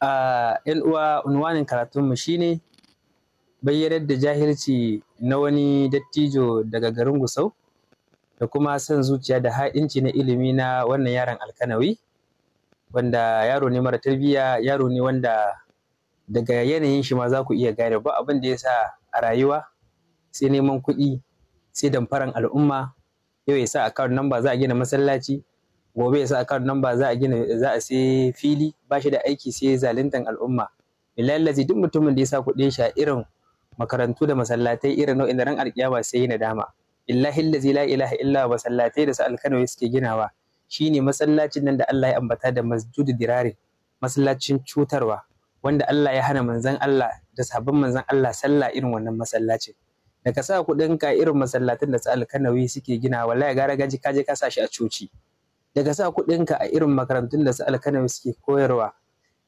a yan uwa unwanin karatunmu shine bayyanar da jahilci na wani dattijo daga garin gusau da kuma son zuciya da ha'inci na ilimi na wannan yaron alkanawi wanda yaro ne mara tarbiyya yaro ne wanda daga yanayin shi ma za ku iya gane ba abin da ya sa a rayuwa sai neman kuɗi sai damfaran al'umma yau ya sa akawun nan ba za a gina masallaci gobe ya sa account number za a gina za a sai fili ba shi da aiki sai zaluntar al'umma billahi duk mutumin da ya sa kuɗi shi a irin makarantu da masallatai irin nau'in da ran alkiyama sai na dama illahi lazi la ilaha illa masallatai da su alkanawi suke ginawa shine masallacin nan da Allah ya ambata da masjudu dirare masallacin cutarwa wanda Allah ya hana manzon Allah da sabon manzon Allah sallah irin wannan masallacin da ka sa kuɗin ka irin masallatin da su alkanawi suke gina wallahi gara gaji ka je ka sa a coci daga sa kuɗinka a irin makarantun da su alkanawi suke koyarwa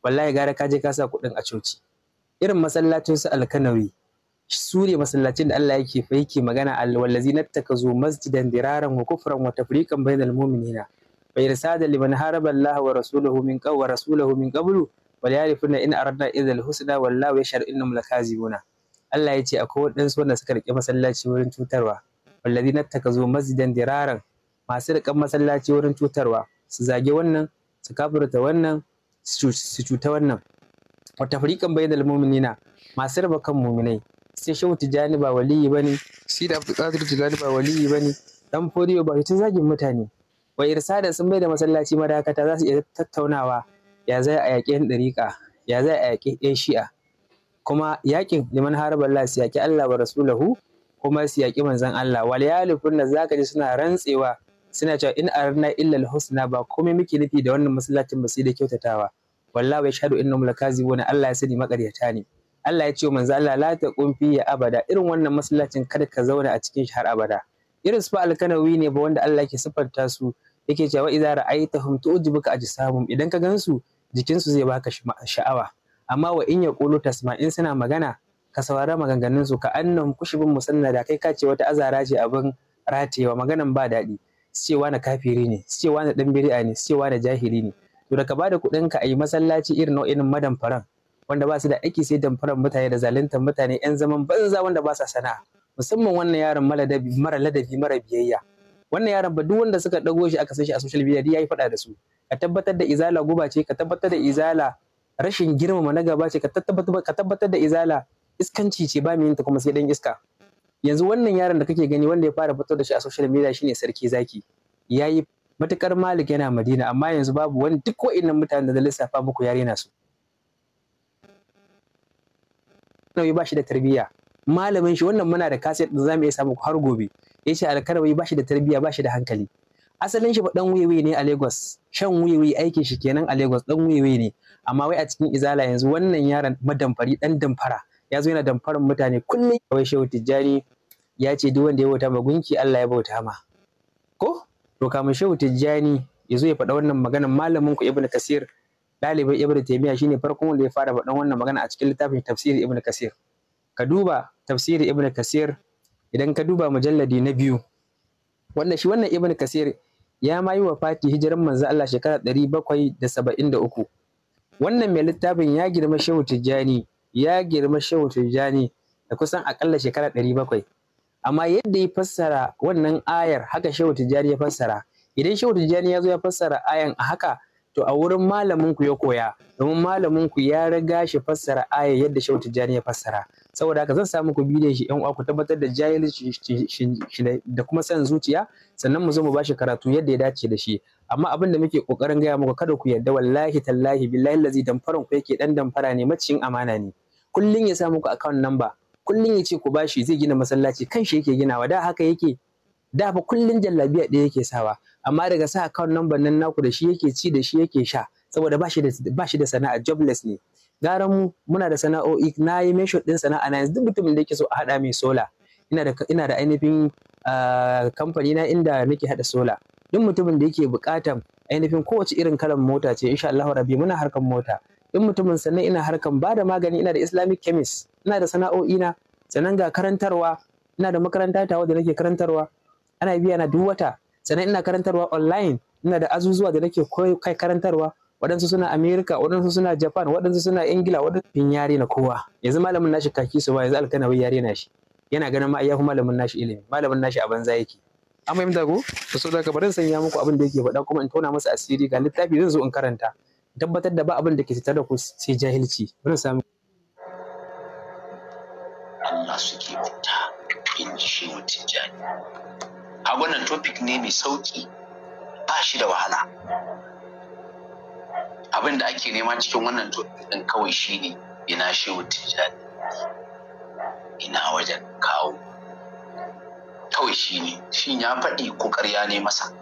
wallahi gara ka je ka sa kuɗin a coci irin masallacin su alkanawi su ne masallacin da Allah yake fa yake magana alwallazi zo masjidan diraran wa kufran wa tafriqan bainal mu'minina fa irsada liman haraba Allah wa rasuluhu min qaw wa rasuluhu min qablu wal yarifuna in aradna idhal husna wallahu yashhadu innahum lakazibuna Allah ya ce akwai waɗansu wanda suka rike masallaci wurin cutarwa wallazi zo masjidan diraran masu riƙan masallaci wurin cutarwa su zage wannan su kafirta wannan su cuta wannan wa bai da mu'minina masu raba kan mu'minai sai shehu tijani ba waliyi bane shi da abdulkadir tijani ba waliyi bane dan fodiyo ba ta zagin mutane wa irsada sun bai da masallaci madakata za su iya tattaunawa ya zai a yaƙi yan ɗariƙa ya zai a yaƙi yan shi'a kuma yaƙin liman harabar Allah su yaƙi Allah wa rasulahu kuma su yaƙi manzon Allah wal yalifun da zaka ji suna rantsewa suna cewa in arna illa husna ba komai muke nufi da wannan masallacin ba sai da kyautatawa wallahi ya shahadu innahum lakazibuna Allah ya sani makaryata ne Allah ya ce wa manzo Allah la taqum ya abada irin wannan masallacin kada ka zauna a cikin shi har abada irin su alkanawi ne ba wanda Allah yake sifanta su yake cewa idza ra'aytahum tu'jibuka ajsamum idan ka gansu jikinsu zai baka sha'awa amma wa in yaqulu tasma in suna magana ka saurara maganganun su ka annahum kushibun musannada kai ka ce wata azara ce abin ratewa maganan ba daɗi su ce wani kafiri ne su ce wani dan bid'a ne su ce wani jahili ne to da ka bada kuɗin ka ayi masallaci irin nau'in madamfaran wanda ba su da aiki sai damfaran mutane da zaluntar mutane yan zaman banza wanda ba sa sana'a musamman wannan yaron mara ladabi mara biyayya wannan yaron ba duk wanda suka dago shi aka san shi a social media ya yi faɗa da su ka tabbatar da izala guba ce ka tabbatar da izala rashin girmama na gaba ce ka tabbatar da izala iskanci ce ba mu yin ta kuma sai dan iska yanzu wannan yaron da kake gani wanda ya fara fito da shi a social media shine sarki zaki yayi matukar malik yana madina amma yanzu babu wani duk wa'innan mutanen da zai lissafa muku yare na su nauyi ba shi da tarbiyya malamin shi wannan muna da kaset da zamu iya samu har gobe ya ce alkarwai ba shi da tarbiyya ba shi da hankali asalin shi ba dan wuyewe ne a Lagos shan wuyewe aikin shi kenan a Lagos dan wuyewe ne amma wai a cikin izala yanzu wannan yaron madamfari dan damfara ya zo yana damfarin mutane kullum wai shehu tijjani ya ce duk wanda ya bauta ma gunki Allah ya bauta ma ko to kamar shehu tijjani ya zo ya faɗa wannan magana malamin ku ibnu kasir ɗalibin ibnu taymiya shine farkon wanda ya fara faɗan wannan magana a cikin littafin tafsir ibnu kasir ka duba tafsir ibnu kasir idan ka duba mujalladi na biyu Wannan shi wannan ibnu kasir ya ma yi wa fati hijiran manzo Allah shekara ɗari bakwai da saba'in da uku wannan mai littafin ya girma shehu tijjani ya girma shehu tijjani da kusan akalla shekara ɗari bakwai amma yadda ya fassara wannan ayar haka shehu tijjani ya fassara idan shehu tijjani ya zo ya fassara ayan a haka to a wurin malamin ku ya koya domin malamin ku ya riga shi fassara ayar yadda shehu tijjani ya fassara saboda haka zan sa muku bidiyon shi yan uwa ku tabbatar da jahilci da kuma san zuciya sannan mu zo mu ba shi karatu yadda ya dace da shi amma abin da muke kokarin gaya muku kada ku yarda wallahi tallahi billahi lazi damfaran ku yake dan damfara ne maciyin amana ne kullum ya sa muku account number kullum ya ce ku bashi zai gina masallaci kan shi yake ginawa da haka yake da fa kullum jallabiya ɗaya yake sawa amma daga sa account number nan naku da shi yake ci da shi yake sha saboda bashi da bashi da sana'a jobless ne gara mu muna da sana'o'i na yi mention din sana'a na yanzu duk mutumin da yake so a hada mai sola ina da ina da ainihin ah, kamfani na inda nake hada sola duk mutumin da yake bukatan ainihin kowace irin kalan mota ce insha Allah rabi muna harkan mota in mutumin sannan ina harkan ba da magani ina da islamic chemist ina da sana'o'i na sannan ga karantarwa ina da makaranta tawa da nake karantarwa ana biya na duk wata sannan ina karantarwa online ina da azuzuwa da nake kai karantarwa waɗansu suna america waɗansu suna japan waɗansu suna ingila waɗansu yare na kowa yanzu malamin nashi kaki su ba yanzu alkanawai yare nashi. yana ganin ma iyahu malamin nashi ilimi malamin nashi a banza yake an fahimta ko su so daga bari sanya muku abin da yake faɗa kuma in tona masa asiri ga littafi zan zo in karanta tabbatar da ba abin da ke tattare da ku sai jahilci bari samu Allah su ke bauta in ji shi mutum jani a wannan topic ne mai sauki ba shi da wahala abin da ake nema cikin wannan topic din kawai shine ina shi mutum jani ina wajen kawo kawai shine shin ya faɗi ko ƙarya ne masa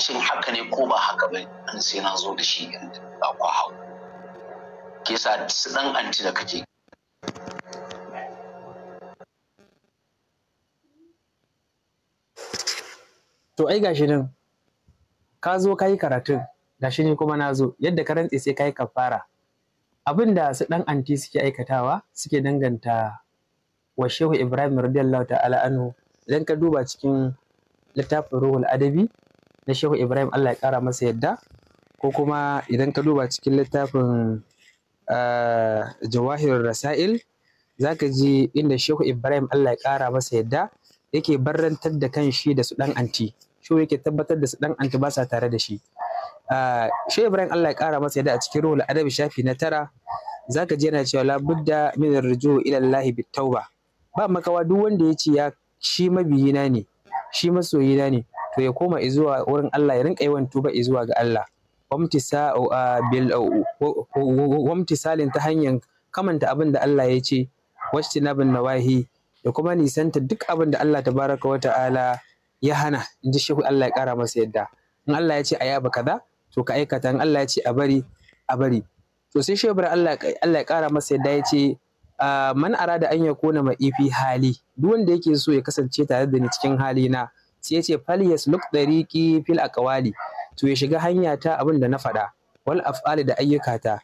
shin haka ne ko ba haka ba in sai na zo da shi in ku hau ke sa su dan anti da kake to ai gashi nan ka zo ka yi karatun gashi ne kuma na zo yadda ka rantse sai ka yi kafara abin da su dan anti suke aikatawa suke danganta wa shehu ibrahim radiyallahu ta'ala anhu idan ka duba cikin littafin ruhul adabi na Shehu Ibrahim Allah ya kara masa yadda ko kuma idan ka duba cikin littafin eh, Jawahir Rasail za ka ji inda Shehu Ibrahim Allah ya kara masa yadda yake barrantar da kan shi da su ɗan anti Shehu yake tabbatar da su ɗan anti ba sa tare da shi eh, Shehu Ibrahim Allah ya kara masa yadda a cikin ruhul adabi shafi na tara za ka ji yana cewa Labuda, min ruju ila Allah bitauba ba makawa duk wanda ya ce ya shi mabiyina ne shi masoyina ne to ya koma izuwa wurin Allah ya rinka yawan tuba izuwa ga Allah wamtisalin ta hanyar kamanta abin da Allah ya ce washtinabin nawahi da kuma nisanta duk abin da Allah ta baraka wa ta'ala ya hana in ji shehu Allah ya kara masa yadda in Allah ya ce a yaba kaza to ka aikata in Allah ya ce a bari a bari to sai shehu Allah Allah ya kara masa yadda ya ce man arada an ma ma'ifi hali duk wanda yake so ya kasance tare da ni cikin hali na sai ce falyas luk dariqi fil ƙawali. to ya shiga hanya ta abin da na faɗa wal af'ali da ayyuka ta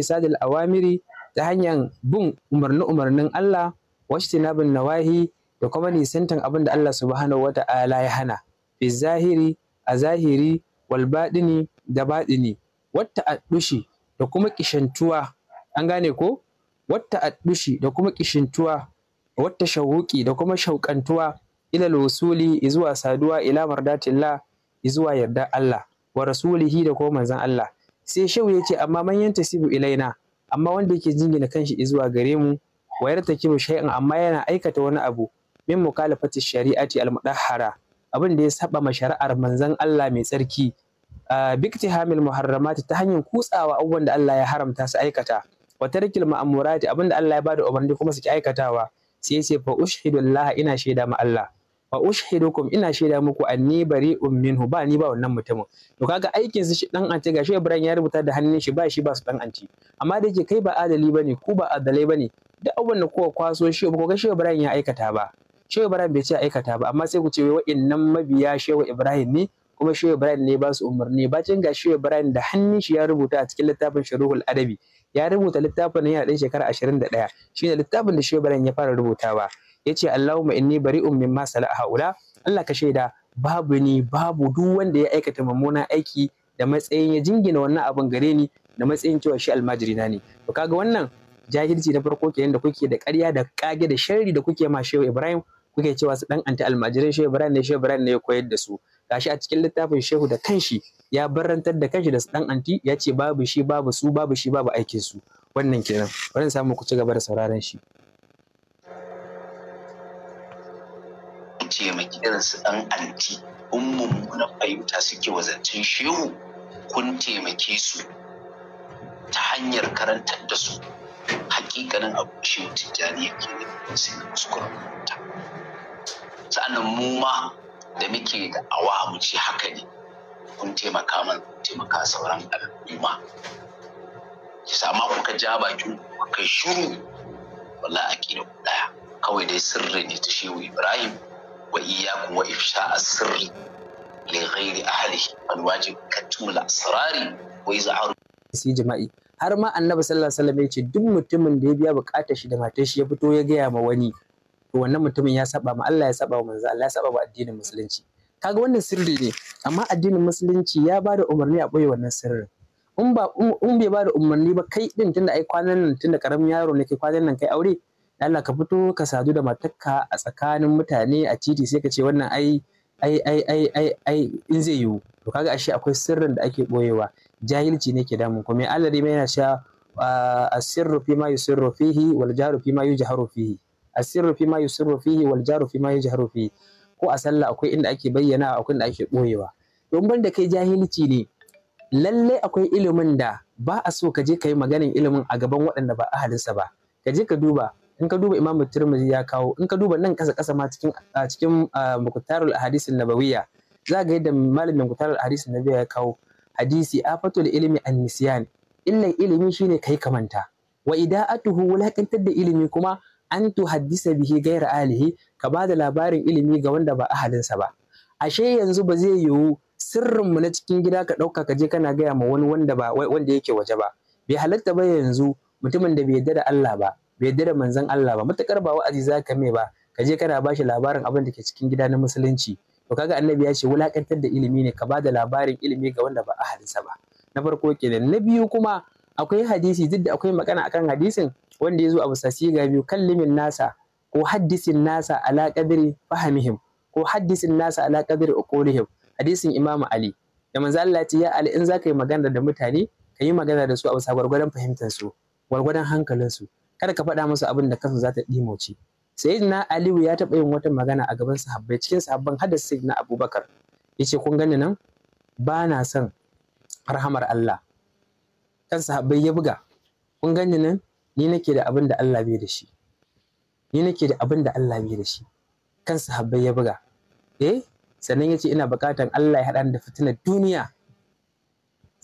sadil awamiri ta hanyar bin umarni umarnin Allah washtinabin nawahi da kuma nisantan abin da Allah subhanahu wa ta'ala ya hana fi zahiri a zahiri wal baɗini da baɗini wata addushi da kuma kishantuwa an gane ko wata addushi da kuma kishintuwa wata shawuki da kuma shauƙantuwa ilal wasuli izuwa saduwa ila mardatillah zuwa yarda Allah wa rasulihi da kuma manzon Allah sai shehu ya ce amma man sibu ilaina amma wanda yake jingina kanshi zuwa gare mu wa yartakibu shay'an amma yana aikata wani abu min mukalafati shari'ati al-mudahhara abin da ya saba ma shari'ar manzon Allah mai tsarki biktihamil muharramat ta hanyar kutsawa abubuwan da Allah ya haramta su aikata wa tarkil ma'amurati abin da Allah ya bada umarni kuma su ki aikatawa sai sai fa ushhidu ina shaida ma Allah fa ushhidukum ina shaida muku anni bari'un minhu ba ni ba wannan mutumin to kaga aikin su dan ga gashi Ibrahim ya rubuta da hannun shi ba shi ba su dan anci amma da yake kai ba adali bane ku ba adalai bane duk abin da kuka kwaso shi ba ku Ibrahim ya aikata ba shi Ibrahim bai ce aikata ba amma sai ku ce wa'innan mabiya wa Ibrahim ne kuma shi Ibrahim ne ba su umarni bacin ga shi Ibrahim da hannun shi ya rubuta a cikin littafin sharuhul Adabi ya rubuta littafin yana ɗan shekara 21 ne littafin da shi Ibrahim ya fara rubutawa Ya yace Allahumma inni bari'un mimma sala haula Allah ka shaida babu ni babu duk wanda ya aikata mummunan aiki da matsayin ya jingina wannan abin gare ni da matsayin cewa shi almajirina ne to kaga wannan jahilci na farko kenan da kuke da ƙarya da kage da sharri da kuke ma shehu Ibrahim kuke cewa su dan anti almajirin shehu Ibrahim ne shehu Ibrahim ne ya koyar da su gashi a cikin littafin shehu da kanshi ya barantar da kanshi da su dan anti ya ce babu shi babu su babu shi babu aikin su wannan kenan bari samu ku ci gaba da sauraron shi ce ma gidansu ɗan anti in mummunan fahimta suke wazancin shehu kun taimake su ta hanyar karantar da su hakikanin abu shehu tijjani yake da sai da kuskuren fahimta sa'annan mu ma da muke da awa mu ce haka ne kun taimaka man taimaka sauran al'umma ki sama kuka ja bakin kuka shiru wala aƙida ɗaya kawai dai sirri ne ta shehu ibrahim wa iyyakum wa ifsha'a sirri li ghairi ahli al wajib katumul asrari wa izharu si jima'i har ma annabi sallallahu alaihi wasallam ya ce duk mutumin da ya biya bukatar shi da matar shi ya fito ya gaya ma wani to wannan mutumin ya saba ma Allah ya saba wa manzo Allah ya saba wa addinin musulunci kaga wannan sirri ne amma addinin musulunci ya ba da umarni a boye wannan sirrin in ba in bai ba da umarni ba kai din tunda ai kwanan nan tunda karamin yaro ne kai kwanan nan kai aure Allah ka fito ka sadu da matakka a tsakanin mutane a titi sai ka ce wannan ai ai ai ai ai ai in zai yiwu to kaga ashe akwai sirrin da ake boyewa jahilci ne ke damun kuma Allah dai yana cewa asirru fi ma yusirru fihi wal jaru fi ma yujharu fihi asirru fi ma yusirru fihi wal jaru fi ma yujharu fihi ko a sallah akwai inda ake bayyana akwai inda ake boyewa don banda kai jahilci ne lallai akwai ilimin da ba a so ka je ka yi maganin ilimin a gaban waɗanda ba ahalinsa ba ka je ka duba in ka duba Imam Tirmidhi ya kawo in ka duba nan kasa kasa ma cikin cikin Muqtarul Ahadith Nabawiyya za ga yadda malamin Muqtarul Ahadith Nabawiyya ya kawo hadisi afatul ilmi an nisyan illan ilimi shine kai kamanta wa ida'atuhu wulakantar da ilimi kuma an tuhaddisa bihi gaira alihi ka ba da labarin ilimi ga wanda ba ahalinsa ba ashe yanzu ba zai yiwu mu na cikin gida ka ɗauka ka je kana gaya ma wani wanda ba wanda yake waje ba bai halatta ba yanzu mutumin da bai yarda da Allah ba bai da manzon Allah ba matukar ba wa'azi zaka mai ba ka je kana ba shi labarin abin da ke cikin gida na musulunci to kaga annabi ya ce wulakantar da ilimi ne ka bada labarin ilimi ga wanda ba ahalinsa ba na farko kenan na biyu kuma akwai hadisi duk da akwai magana akan hadisin wanda ya zo a busa siga biyu kallimin nasa ko haddisin nasa ala qadri fahimihim ko haddisin nasa ala qadri uqulihim hadisin imam ali da manzo Allah ya ce ya ali in zaka yi magana da mutane ka yi magana da su a bisa gwargwadon fahimtar su gwargwadon hankalin su kada ka faɗa musu abin da kansa za ta ɗimauce sayyidina aliyu ya taɓa yin wata magana a gaban sahabbai cikin sahabban hada sayyidina abubakar ce, kun gani nan ba na son rahamar Allah kan sahabbai ya buga kun gani nan ni nake da abin da Allah bai da shi ni nake da abin da Allah bai da shi kan sahabbai ya buga eh sannan ce ina buƙatan Allah ya haɗa da fitinar duniya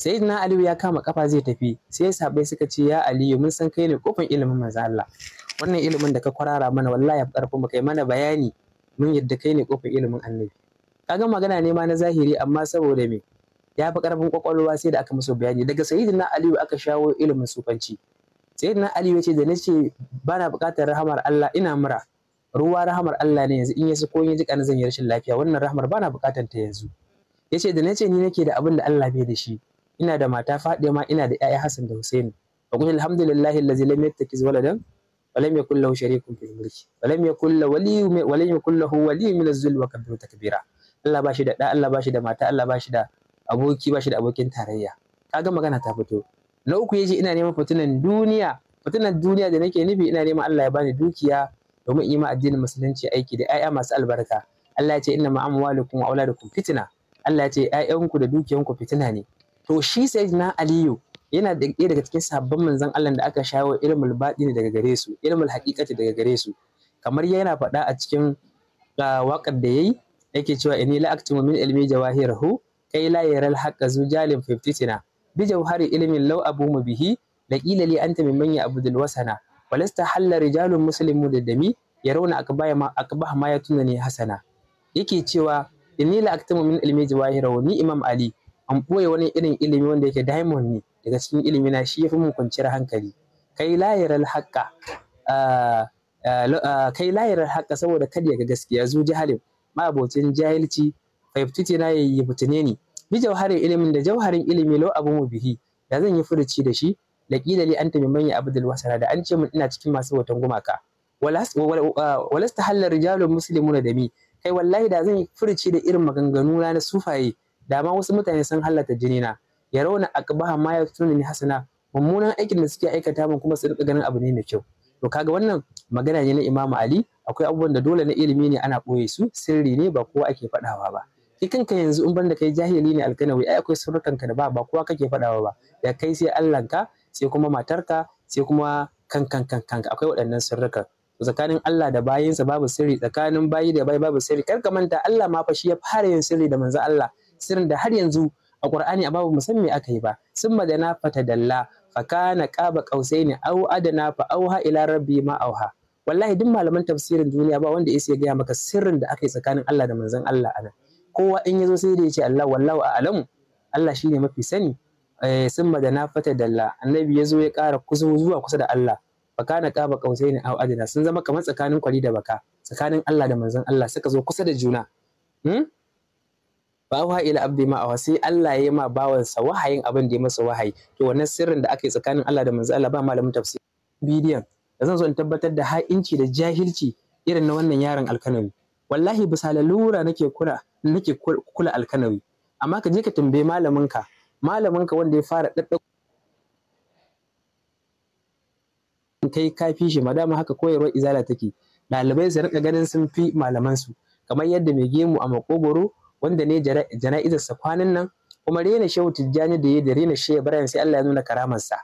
na aliyu ya kama kafa zai tafi sai sahabbai suka ce ya aliyu mun san kai ne kofin ilimin manzo Allah wannan ilimin da ka kwarara mana wallahi ya karfin mu kai mana bayani mun yadda kai ne kofin ilimin annabi kaga magana ne ma na zahiri amma saboda me ya fi karfin kwakwalwa sai da aka musu bayani daga sayyidina aliyu aka shawo ilimin sufanci sayyidina aliyu ya ce da nace bana buƙatar rahamar Allah ina mura ruwa rahamar Allah ne yanzu in ya ko ya ji kana zan yi rashin lafiya wannan rahamar bana buƙatar ta yanzu yace da nace ni nake da abin da Allah bai da shi ina da mata Fadima ina da ƴaƴa Hassan da Hussein wa qul alhamdulillahi allazi lam yattakiz waladan wa lam yakul lahu sharikun fil mulki wa lam yakul lahu waliyyun wa lam yakul lahu waliyyun min az-zul wa kabiru takbira Allah bashi da da Allah bashi da mata Allah bashi da aboki bashi da abokin tarayya kaga magana ta fito na uku yaji ina neman fitinan duniya fitinan duniya da nake nufi ina neman Allah ya bani dukiya domin yi ma addinin musulunci aiki da 'ya'ya masu albarka Allah ya ce inna ma'amwalukum wa auladukum fitna Allah ya ce 'ya'yanku da dukiyanku fitina ne to shi sai na aliyu yana da ɗaya daga cikin sabbin manzan Allah da aka shawo ilmul ne daga gare su ilmul haqiqati daga gare su kamar yana faɗa a cikin waƙar da yayi yake cewa inni la aktumu min ilmi jawahirahu kai la yaral haqqa zujalin fiftitina bi jawhari ilmin law abu bihi laqila li anta mimman manya abudul wasana walasta halla rijalun muslimu da dami yarawna akbaya ma akbah ma yatunani hasana yake cewa inni la aktumu min ilmi jawahirahu ni imam ali an ɓoye wani irin ilimi wanda yake diamond ne daga cikin ilimi na shi yafi mun kwanciyar hankali kai layiral haƙƙa ah, ah, ah, kai layirar haƙƙa saboda kada ya ga gaskiya zu jahalin abocin jahilci faiftuti na yi fitine ni bi jauharin ilimin da jauharin ilimi lau abu mu bihi da zan yi furuci da shi laƙila li an tabi manya abdul wasara da an ce mun ina cikin masu watan gumaka walasta halar rijalun muslimuna da mi kai wallahi da zan yi furuci da irin maganganu na sufaye Dama wasu mutane sun halatta jini na ya rauna akbaha ma ya tuna ni hasana mummunan aikin da suke aikata mun kuma su rika ganin abu ne mai kyau to kaga wannan magana ne na Imam Ali akwai abubuwan da dole na ilimi ne ana ɓoye su sirri ne ba kowa ake faɗawa ba Ki kanka yanzu in banda kai jahili ne alkanawi ai akwai ka da ba ba kowa kake faɗawa ba da kai sai Allahnka sai kuma matarka sai kuma kan kan kan kan akwai waɗannan surukan tsakanin Allah da bayinsa babu sirri tsakanin bayi da bayi babu sirri kar ka manta Allah ma fa shi ya fara yin sirri da manzo Allah sirrin da har yanzu a ƙur'ani a babu musamman aka yi ba sun magana kana, fakana qaba ne au adana fa auha ila rabbi ma auha wallahi duk malaman tafsirin duniya ba wanda yake gaya maka sirrin da aka yi tsakanin Allah da manzon Allah ana. kowa in yazo sai da yace Allah wallahu a'lamu Allah shine mafi sani eh, sun magana dalla, annabi yazo ya ƙara kusa zuwa kusa da Allah fakana qaba qausaini au adana sun zama kamar tsakanin kwari da baka tsakanin Allah da manzon Allah suka zo kusa da juna hmm? fa wa ila abdi ma awa sai Allah ya yi ma bawansa wahayin abin da ya masa wahayi to wannan sirrin da aka yi tsakanin Allah da manzo Allah ba malamin tafsir bidiyon da zan so in tabbatar da ha'inci da jahilci irin na wannan yaron alkanawi wallahi bisa lalura nake kula nake kula alkanawi amma ka je ka tambaye malaminka malaminka wanda ya fara dadda kai ka fi shi madama haka koyarwar izala take ɗalibai su rika ganin sun fi malaman su kamar yadda mai gemu a makogoro wanda ne jana'izarsa kwanan nan kuma rena shehu tijjani da ya da rena shehu ibrahim sai Allah ya nuna karamarsa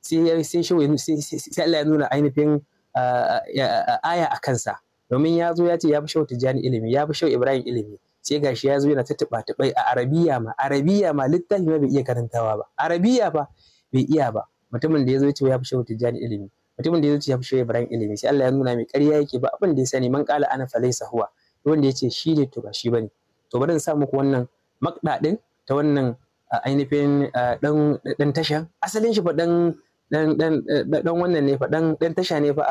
sai sai shehu sai Allah ya nuna ainihin aya a kansa domin ya zo ya ce ya fi shehu tijjani ilimi ya fi shehu ibrahim ilimi sai gashi ya zo yana ta tuba tubai a arabiya ma arabiya ma littafi ma bai iya karantawa ba arabiya ba bai iya ba mutumin da ya zo ya ce ya fi shehu tijjani ilimi mutumin da ya zo ya ce ya fi shehu ibrahim ilimi sai Allah ya nuna mai ƙarya yake ba abin da ya sani man kala ana falaisa huwa wanda ya ce shi ne to ba shi bane to bari in sa muku wannan ta wannan ainihin ɗan tasha asalin shi fa ɗan wannan ne fa ɗan tasha ne fa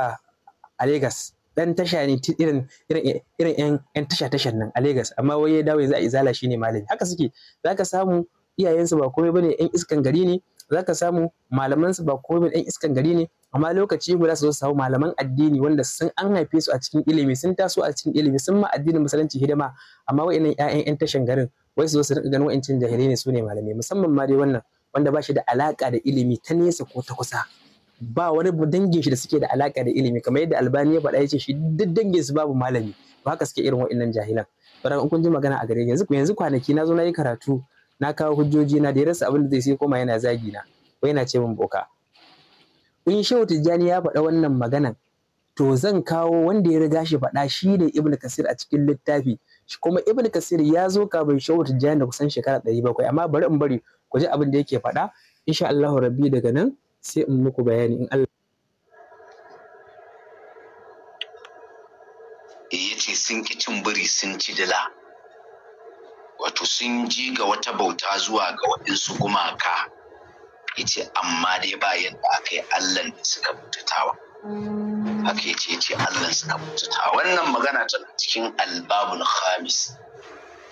a Legas ɗan tasha ne irin irin yan tasha tashan nan a Legas amma wai ya dawo yanzu a izala shine malami haka suke zaka samu iyayensu ba komai bane yan iskan gari ne za samu malaman su ba komai ɗan iskan gari ne amma lokaci guda su zo su samu malaman addini wanda sun an haife su a cikin ilimi sun taso a cikin ilimi sun ma addinin musulunci hidima amma wa'annan ƴaƴan ƴan tashan garin wai su zo su rika ganin wa'ancin jahilai ne su ne malamai musamman ma dai wannan wanda ba shi da alaka da ilimi ta nesa ko ta kusa ba wani dangin shi da suke da alaka da ilimi kamar yadda albani ya faɗa ya ce shi duk dangin su babu malami ba haka suke irin wa'annan jahilan bara in kun ji magana a gare yanzu yanzu kwanaki na zo na yi karatu na kawo hujjoji na da ya rasa abin da zai sai koma yana zagi na ko yana ce min boka in shehu tijjani ya faɗa wannan maganan to zan kawo wanda ya riga shi faɗa shi ne ibnu kasir a cikin littafi kuma ibnu kasir ya zo kafin shehu tijjani da kusan shekara ɗari bakwai amma bari in bari ku ji abin da yake faɗa insha Allahu rabbi daga nan sai in muku bayani in Allah eh, yace sun ki cin biri sun ci dala. wato sun ji ga wata bauta zuwa ga waɗansu gumaka yace amma dai ba yadda aka yi allan da suka bautatawa haka yace yace allan suka bautata wannan magana tana cikin albabul khamis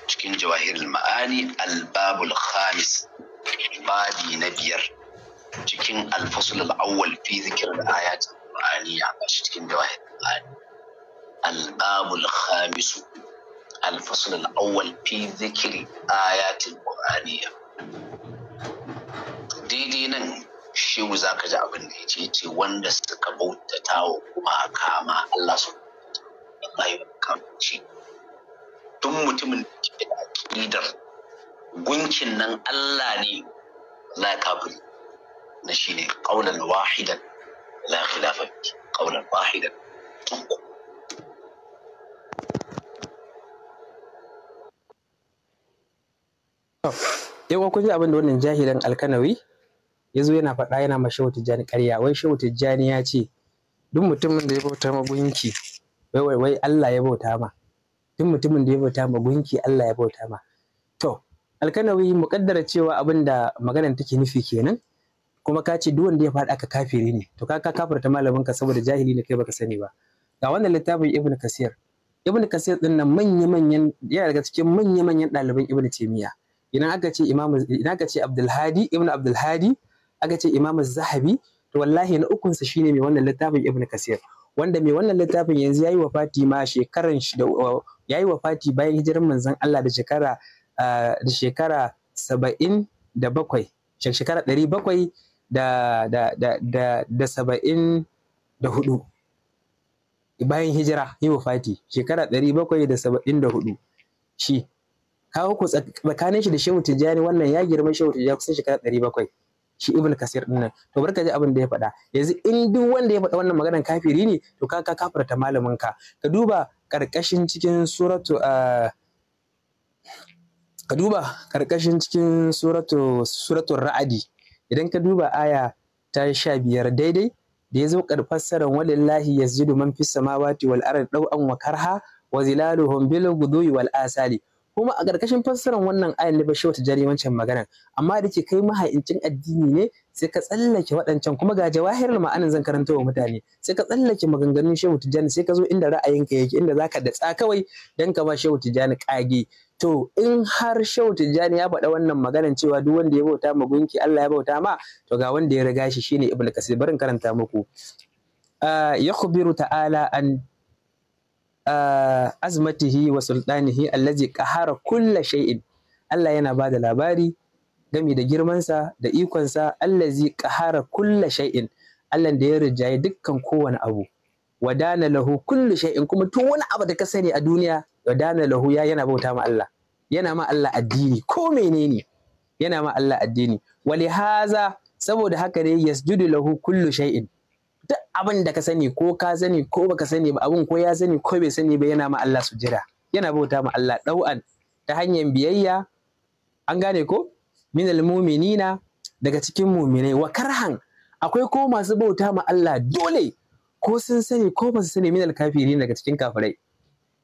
cikin jawahirul ma'ani albabul khamis babi na biyar cikin alfasul al-awwal fi zikr al-ayat al-qur'aniyya cikin jawahirul ma'ani albabul khamis الفصل الأول في ذكر آيات القرآنية ديدي نن شيو زاك جا أبن ديجي تي وند سكبوت تتاو كما كاما الله سبحانه وتعالى duk mutumin da ke da aƙidar gunkin nan Allah ne la kafiri na shine qaulan wahidan la khilafa qaulan wahidan Yau kun ji abin da wannan jahilin alkanawi ya zo yana faɗa yana ma wata Jani ƙarya wai wata Jani ya ce duk mutumin da ya bauta ma gunki wai wai wai Allah ya bauta ma duk mutumin da ya bauta ma gunki Allah ya bauta ma to alkanawi muƙaddara cewa abin da maganar take nufi kenan kuma ka ce duk wanda ya faɗa ka kafiri ne to ka ka kafirta malamin ka saboda jahili ne kai baka sani ba ga wannan littafin ibnu kasir ibnu kasir din nan manya manyan yana daga cikin manya manyan ɗaliban ibnu taymiyyah idan aka ce imam idan aka ce abdulhadi ibn abdulhadi aka ce imam zahabi to wallahi na ukun sa shine mai wannan littafin ibn kasir wanda mai wannan littafin yanzu yayi wafati ma shekaran shi da yayi wafati bayan hijirar manzon Allah da shekara da shekara saba'in da bakwai shekara ɗari bakwai da da da da da saba'in da hudu bayan hijira yi wafati shekara ɗari bakwai da saba'in da hudu shi kawo ku tsakanin shi da shehu tijjani wannan ya girma shehu tijjani kusan shekara ɗari bakwai shi ibn kasir ɗin nan to barka ji abin da ya faɗa yanzu in duk wanda ya faɗa wannan maganar kafiri ne to ka ka kafarta malamin ka ka duba karkashin cikin suratu ka duba karkashin cikin suratu suratu ra'adi idan ka duba aya ta sha biyar daidai da ya zo karfassaran walillahi yazidu man fis samawati wal ardi dau'an wa karha wa zilaluhum bil ghudwi wal asali kuma a ƙarƙashin fassarar wannan ayan da bashi wata jari wancan magana. amma da ke kai mahaicin addini ne sai ka tsallake waɗancan kuma ga jawahirar ma'anin zan karanta wa mutane sai ka tsallake maganganun shehu tijjani sai ka zo inda ra'ayinka yake inda za ka datsa kawai dan ka ba shehu tijjani ƙage to in har shehu tijjani ya faɗa wannan maganar cewa duk wanda ya bauta ma gunki Allah ya bauta ma to ga wanda ya riga shi shine ibnu kasir barin karanta muku ah, yakhbiru ta'ala an azmatihi wa sultanihi allazi kahara kulla shay'in Allah yana ba da labari gami da girmansa da ikonsa allazi ƙahara kulla shay'in Allah da ya rijaye dukkan kowane abu wadana lahu kullu shay'in kuma tun wani abu da ka sani a duniya wadana lahu ya yana bauta ma Allah yana ma Allah addini ko menene yana ma Allah addini haza saboda haka ne yasjudu lahu kullu shay'in duk abin da ka sani ko ka sani ko baka sani ba abin ko ya sani ko bai sani ba yana ma Allah su jira. yana bauta ma Allah ɗau'an ta hanyar biyayya an gane ko minal muminina daga cikin muminai wa karhan akwai ko masu bauta ma Allah dole ko sun sani ko ba su sani minal kafiri daga cikin kafirai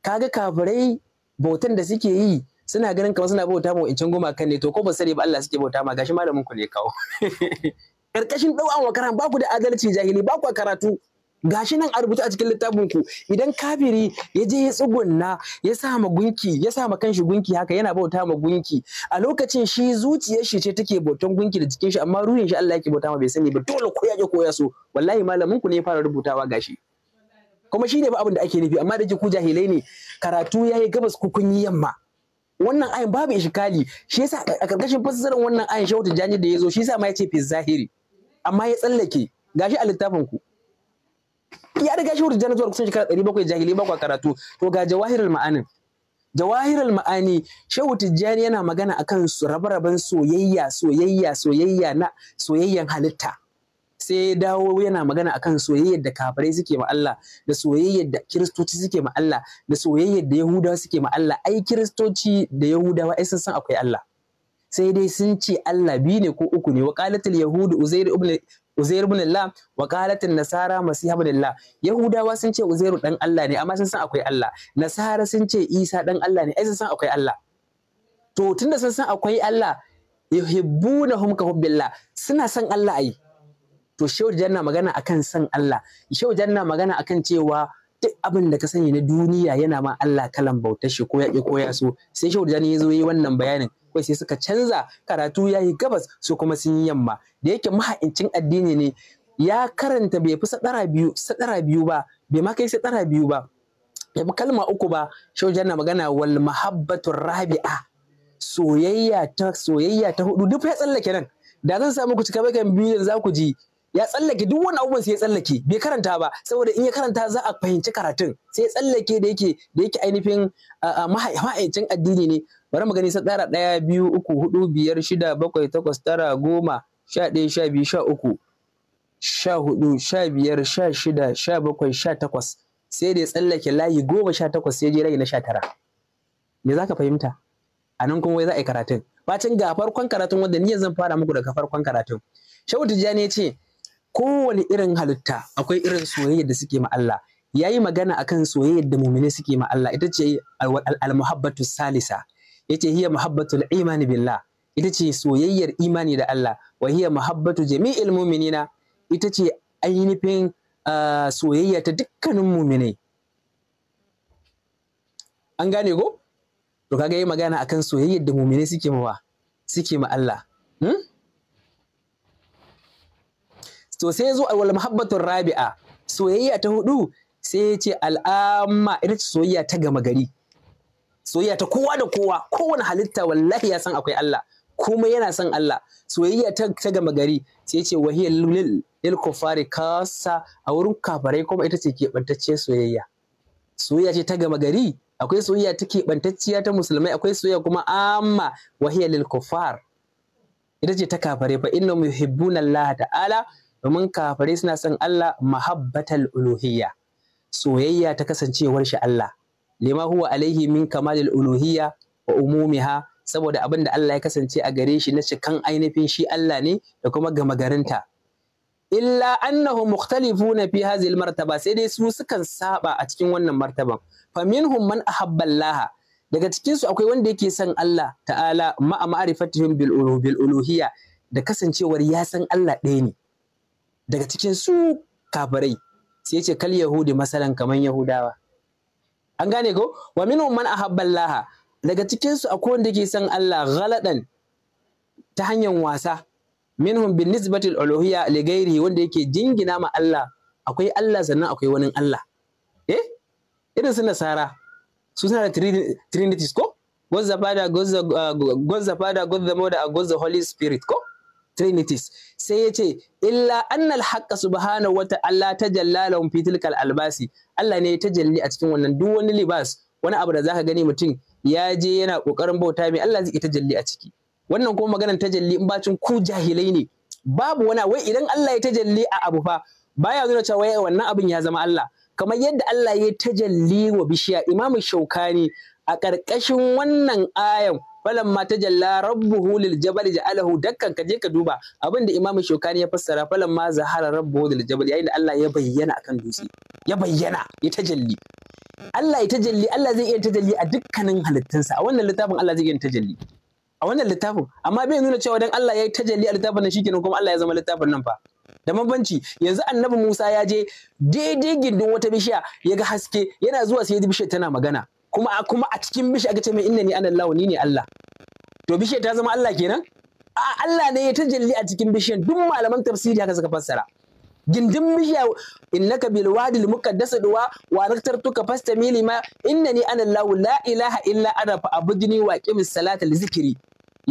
kaga kafirai bautan da suke yi suna ganin kamar suna bauta ma wancan gumakan ne to ko ba sani ba Allah suke bauta ma gashi malamin ku ne kawo karkashin ɗau'an wa ba ku da adalci jahili ba ku karatu gashi nan a rubuta a cikin littafin ku idan kafiri ya je ya tsugunna ya sa ma gunki ya sa ma kanshi gunki haka yana bauta ma gunki a lokacin shi zuciyar shi ce take bautan gunki da cikin shi amma ruhin shi Allah yake bauta ma bai sani ba dole ko ya je ko wallahi malamin ku ne ya fara rubutawa gashi kuma shi ne ba abin da ake nufi amma da ku jahilai ne karatu yayi gabas ku kun yi yamma wannan ayin babu ishikali shi yasa a karkashin fassarar wannan ayin shawtu tijjani da yazo shi yasa ma ya fi zahiri amma ya tsallake gashi a littafin ku ya riga shi hurjan zuwa kusan shekara ɗari bakwai jahili bakwai karatu to ga jawahirul ma'anin jawahirul ma'ani shehu tijjani yana magana akan rabe-raben soyayya soyayya soyayya na soyayyan halitta sai ya dawo yana magana akan soyayyar da kafirai suke ma Allah da soyayyar da kiristoci suke ma Allah da soyayyar da yahudawa suke ma Allah ai kiristoci da yahudawa ai sun san akwai Allah sai dai sun ce Allah biyu ne ko uku ne wa yahudu uzair ibn uzair ibn Allah wa qalatul nasara masih ibn Allah yahudawa sun ce uzairu dan Allah ne amma sun san akwai Allah nasara sun ce isa dan Allah ne ai sun san akwai Allah to tunda sun san akwai Allah yuhibbunahum ka hubbillah suna san Allah ai to shehu janna magana akan san Allah shehu janna magana akan cewa duk abin da ka sani na duniya yana ma Allah kalan bautar shi ko ya ko ya so sai shehu janna ya zo yi wannan bayanin wai sai suka canza karatu ya yi gabas su kuma sun yi yamma da yake maha'incin addini ne ya karanta bai fi sadara biyu sadara biyu ba bai ma kai sadara biyu ba bai kalma uku ba shaujan na magana wal mahabbatur rabi'a soyayya ta soyayya ta hudu duk ya tsallake nan da zan samu ku cika bakan biyu za ku ji ya tsallake duk wani abubuwan sai ya tsallake bai karanta ba saboda in ya karanta za a fahimci karatun sai ya tsallake da yake da yake ainihin maha'incin addini ne bari mu gani tsara ɗaya biyu uku hudu biyar shida bakwai takwas tara goma sha ɗaya sha biyu sha uku sha hudu sha biyar sha shida sha bakwai sha takwas sai da ya tsallake layi goma sha takwas sai je layi na sha tara me za ka fahimta a nan kuma wai za a yi karatun bacin ga farkon karatun wanda ni zan fara muku daga farkon karatun shehu tijjani ya ce kowane irin halitta akwai irin soyayya da suke ma Allah ya yi magana akan soyayya da mumini suke ma Allah ita ce al-muhabbatu salisa yace hiya muhabbatul imani billah ita ce soyayyar imani da Allah wa hiya muhabbatu jami'il mu'minina ita ce ainihin ah, soyayya ta dukkanin mu'minai an gane ko to kaga yi magana akan soyayyar da mu'minai suke mawa suke ma Allah hmm? to sai zo wal muhabbatur rabi'a soyayya ta hudu sai ya ce al'amma ita ce soyayya ta gama gari soyayya ta kowa da kowa kowane halitta wallahi ya san akwai Allah kuma yana san Allah soyayya ta, ta gama gari sai ce wahiyal lil lil kufari kasa a wurin kafarai kuma ita ce keɓantacce soyayya soyayya ce ta gama gari akwai soyayya ta bantacciya ta musulmai akwai soyayya kuma amma wahiyal lil kufar ita ce ta kafare fa inna yuhibbuna Allah ta'ala domin kafare suna san Allah mahabbatal uluhiyya soyayya ta kasancewar shi Allah lima huwa alaihi min kamalil uluhiyya wa umumiha saboda abin da Allah ya kasance a gare shi na cikan ainihin shi Allah ne da kuma gama garinta illa annahu mukhtalifuna fi hadhihi martaba, sai dai su sukan saba a cikin wannan martaban fa minhum man ahabba Allah daga cikin su akwai wanda yake son Allah ta'ala ma ma'rifatihim bil bil uluhiyya da kasancewar ya san Allah ɗaya ne daga cikin su kafirai sai ce kal yahudi masalan kaman yahudawa an gane ko wa minhum man ahabba Allah daga cikin su akwai wanda ke son Allah ghaladan ta hanyar wasa minhum bin nisbati al-uluhiyya li ghairihi wanda yake jingina ma Allah akwai Allah sannan akwai wani Allah eh irin su nasara su suna da trinities ko gozza fada gozza gozza fada gozza moda gozza holy spirit ko trinities sai ya ce illa annal haqqa wata wata'ala ta lahum fi tilkal albasi Allah ne ya tajalli a cikin wannan duk wani libas wani abu da zaka gani mutum ya je yana kokarin bauta mai Allah zai tajalli a ciki wannan kuma maganar jalli in bacin ku jahilai ne babu wani wai idan Allah ya ta jalli a abu fa baya nuna cewa wai wannan abin ya zama Allah kamar yadda Allah ya ta jalli wa bishiya Imam Shaukani a ƙarƙashin wannan ayan Falan falamma tajalla rabbuhu lil jabal ja'alahu dakkan ka je ka duba abin da imamu shokani ya fassara Falan ma zahara rabbuhu lil jabal yayin da Allah ya bayyana akan dutse ya bayyana ya tajalli Allah ya tajalli Allah zai iya tajalli a dukkanin halittunsa a wannan littafin Allah zai iya tajalli a wannan littafin amma bai nuna cewa dan Allah ya yi tajalli a littafin nan shikenan kuma Allah ya zama littafin nan fa da mabanci yanzu annabi Musa ya je daidai gindin wata bishiya ya ga haske yana zuwa sai ya bishiyar tana magana kuma kuma a cikin bishiya aka ce mai inna ni ana Allah ni ne Allah to bishiya ta zama Allah kenan a Allah ne ya tajalli a cikin bishiyar duk malaman tafsiri haka suka fassara gindin bishiya innaka bil wadi al muqaddas duwa wa raktartuka ma inna ni ana Allah la ilaha illa ana fa abudni wa qimis salata li zikri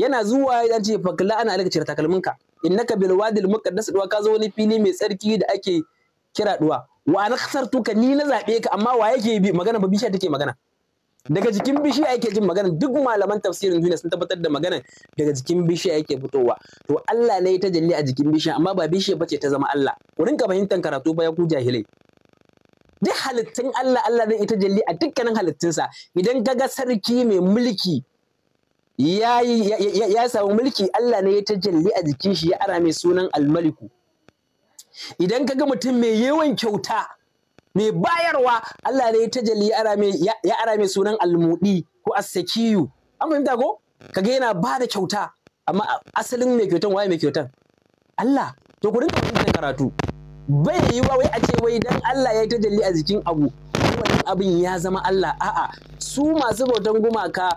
yana zuwa ya ce fakla ana alaka cire takalminka innaka bil wadi al muqaddas duwa ka zo wani fili mai tsarki da ake kira duwa wa tuka ni na zabe ka amma wa yake bi magana ba bishiya take magana daga jikin bishiya yake jin magana duk malaman tafsirin duniya sun tabbatar da magana daga jikin bishiya yake fitowa to Allah ne ya tajalli a jikin bishiya amma ba bishiya bace ta zama Allah ku rinka fahimtar karatu ba ya ku jahilai duk halittun Allah Allah zai ita jalli a dukkanin halittunsa idan kaga sarki mai mulki ya, samu mulki Allah ne ya ta jalli a jikin shi ya ara mai sunan almaliku idan ka ga mutum mai yawan kyauta mai bayarwa Allah ne ta jali ya ara mai sunan almudi ko asakiyu an fahimta ko kaga yana ba da kyauta amma asalin mai kyautan waye mai kyautan Allah to ku rinka yin karatu bai yi ba wai a ce wai dan Allah ya yi tajalli a jikin abu wannan abin ya zama Allah a'a su masu bautan gumaka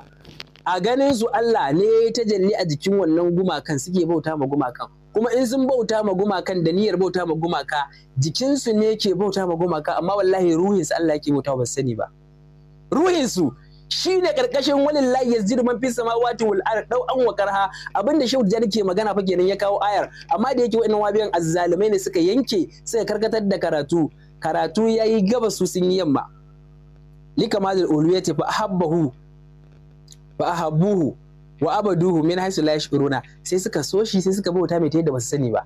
a ganin su Allah ne ta yi a jikin wannan gumakan suke bauta ma gumakan kuma in sun bauta ma gumakan da niyyar bauta ma gumaka jikinsu ne ke bauta ma gumaka amma wallahi ruhinsu Allah ke bauta ba sani ba ruhinsu shi ne karkashin walillahi yazidu man fi samawati wal ard dau an wa karha abinda shehu jani ke magana fa kenan ya kawo ayar amma da yake wa'annan wabiyan azzalumai ne suka yanke suka karkatar da karatu karatu yayi gaba su sun yi yamma lika madal ulwiyati fa habbahu fa ahabbuhu wa abaduhu min haisu la yashuruna sai suka so shi sai suka bauta mai ta yadda ba su sani ba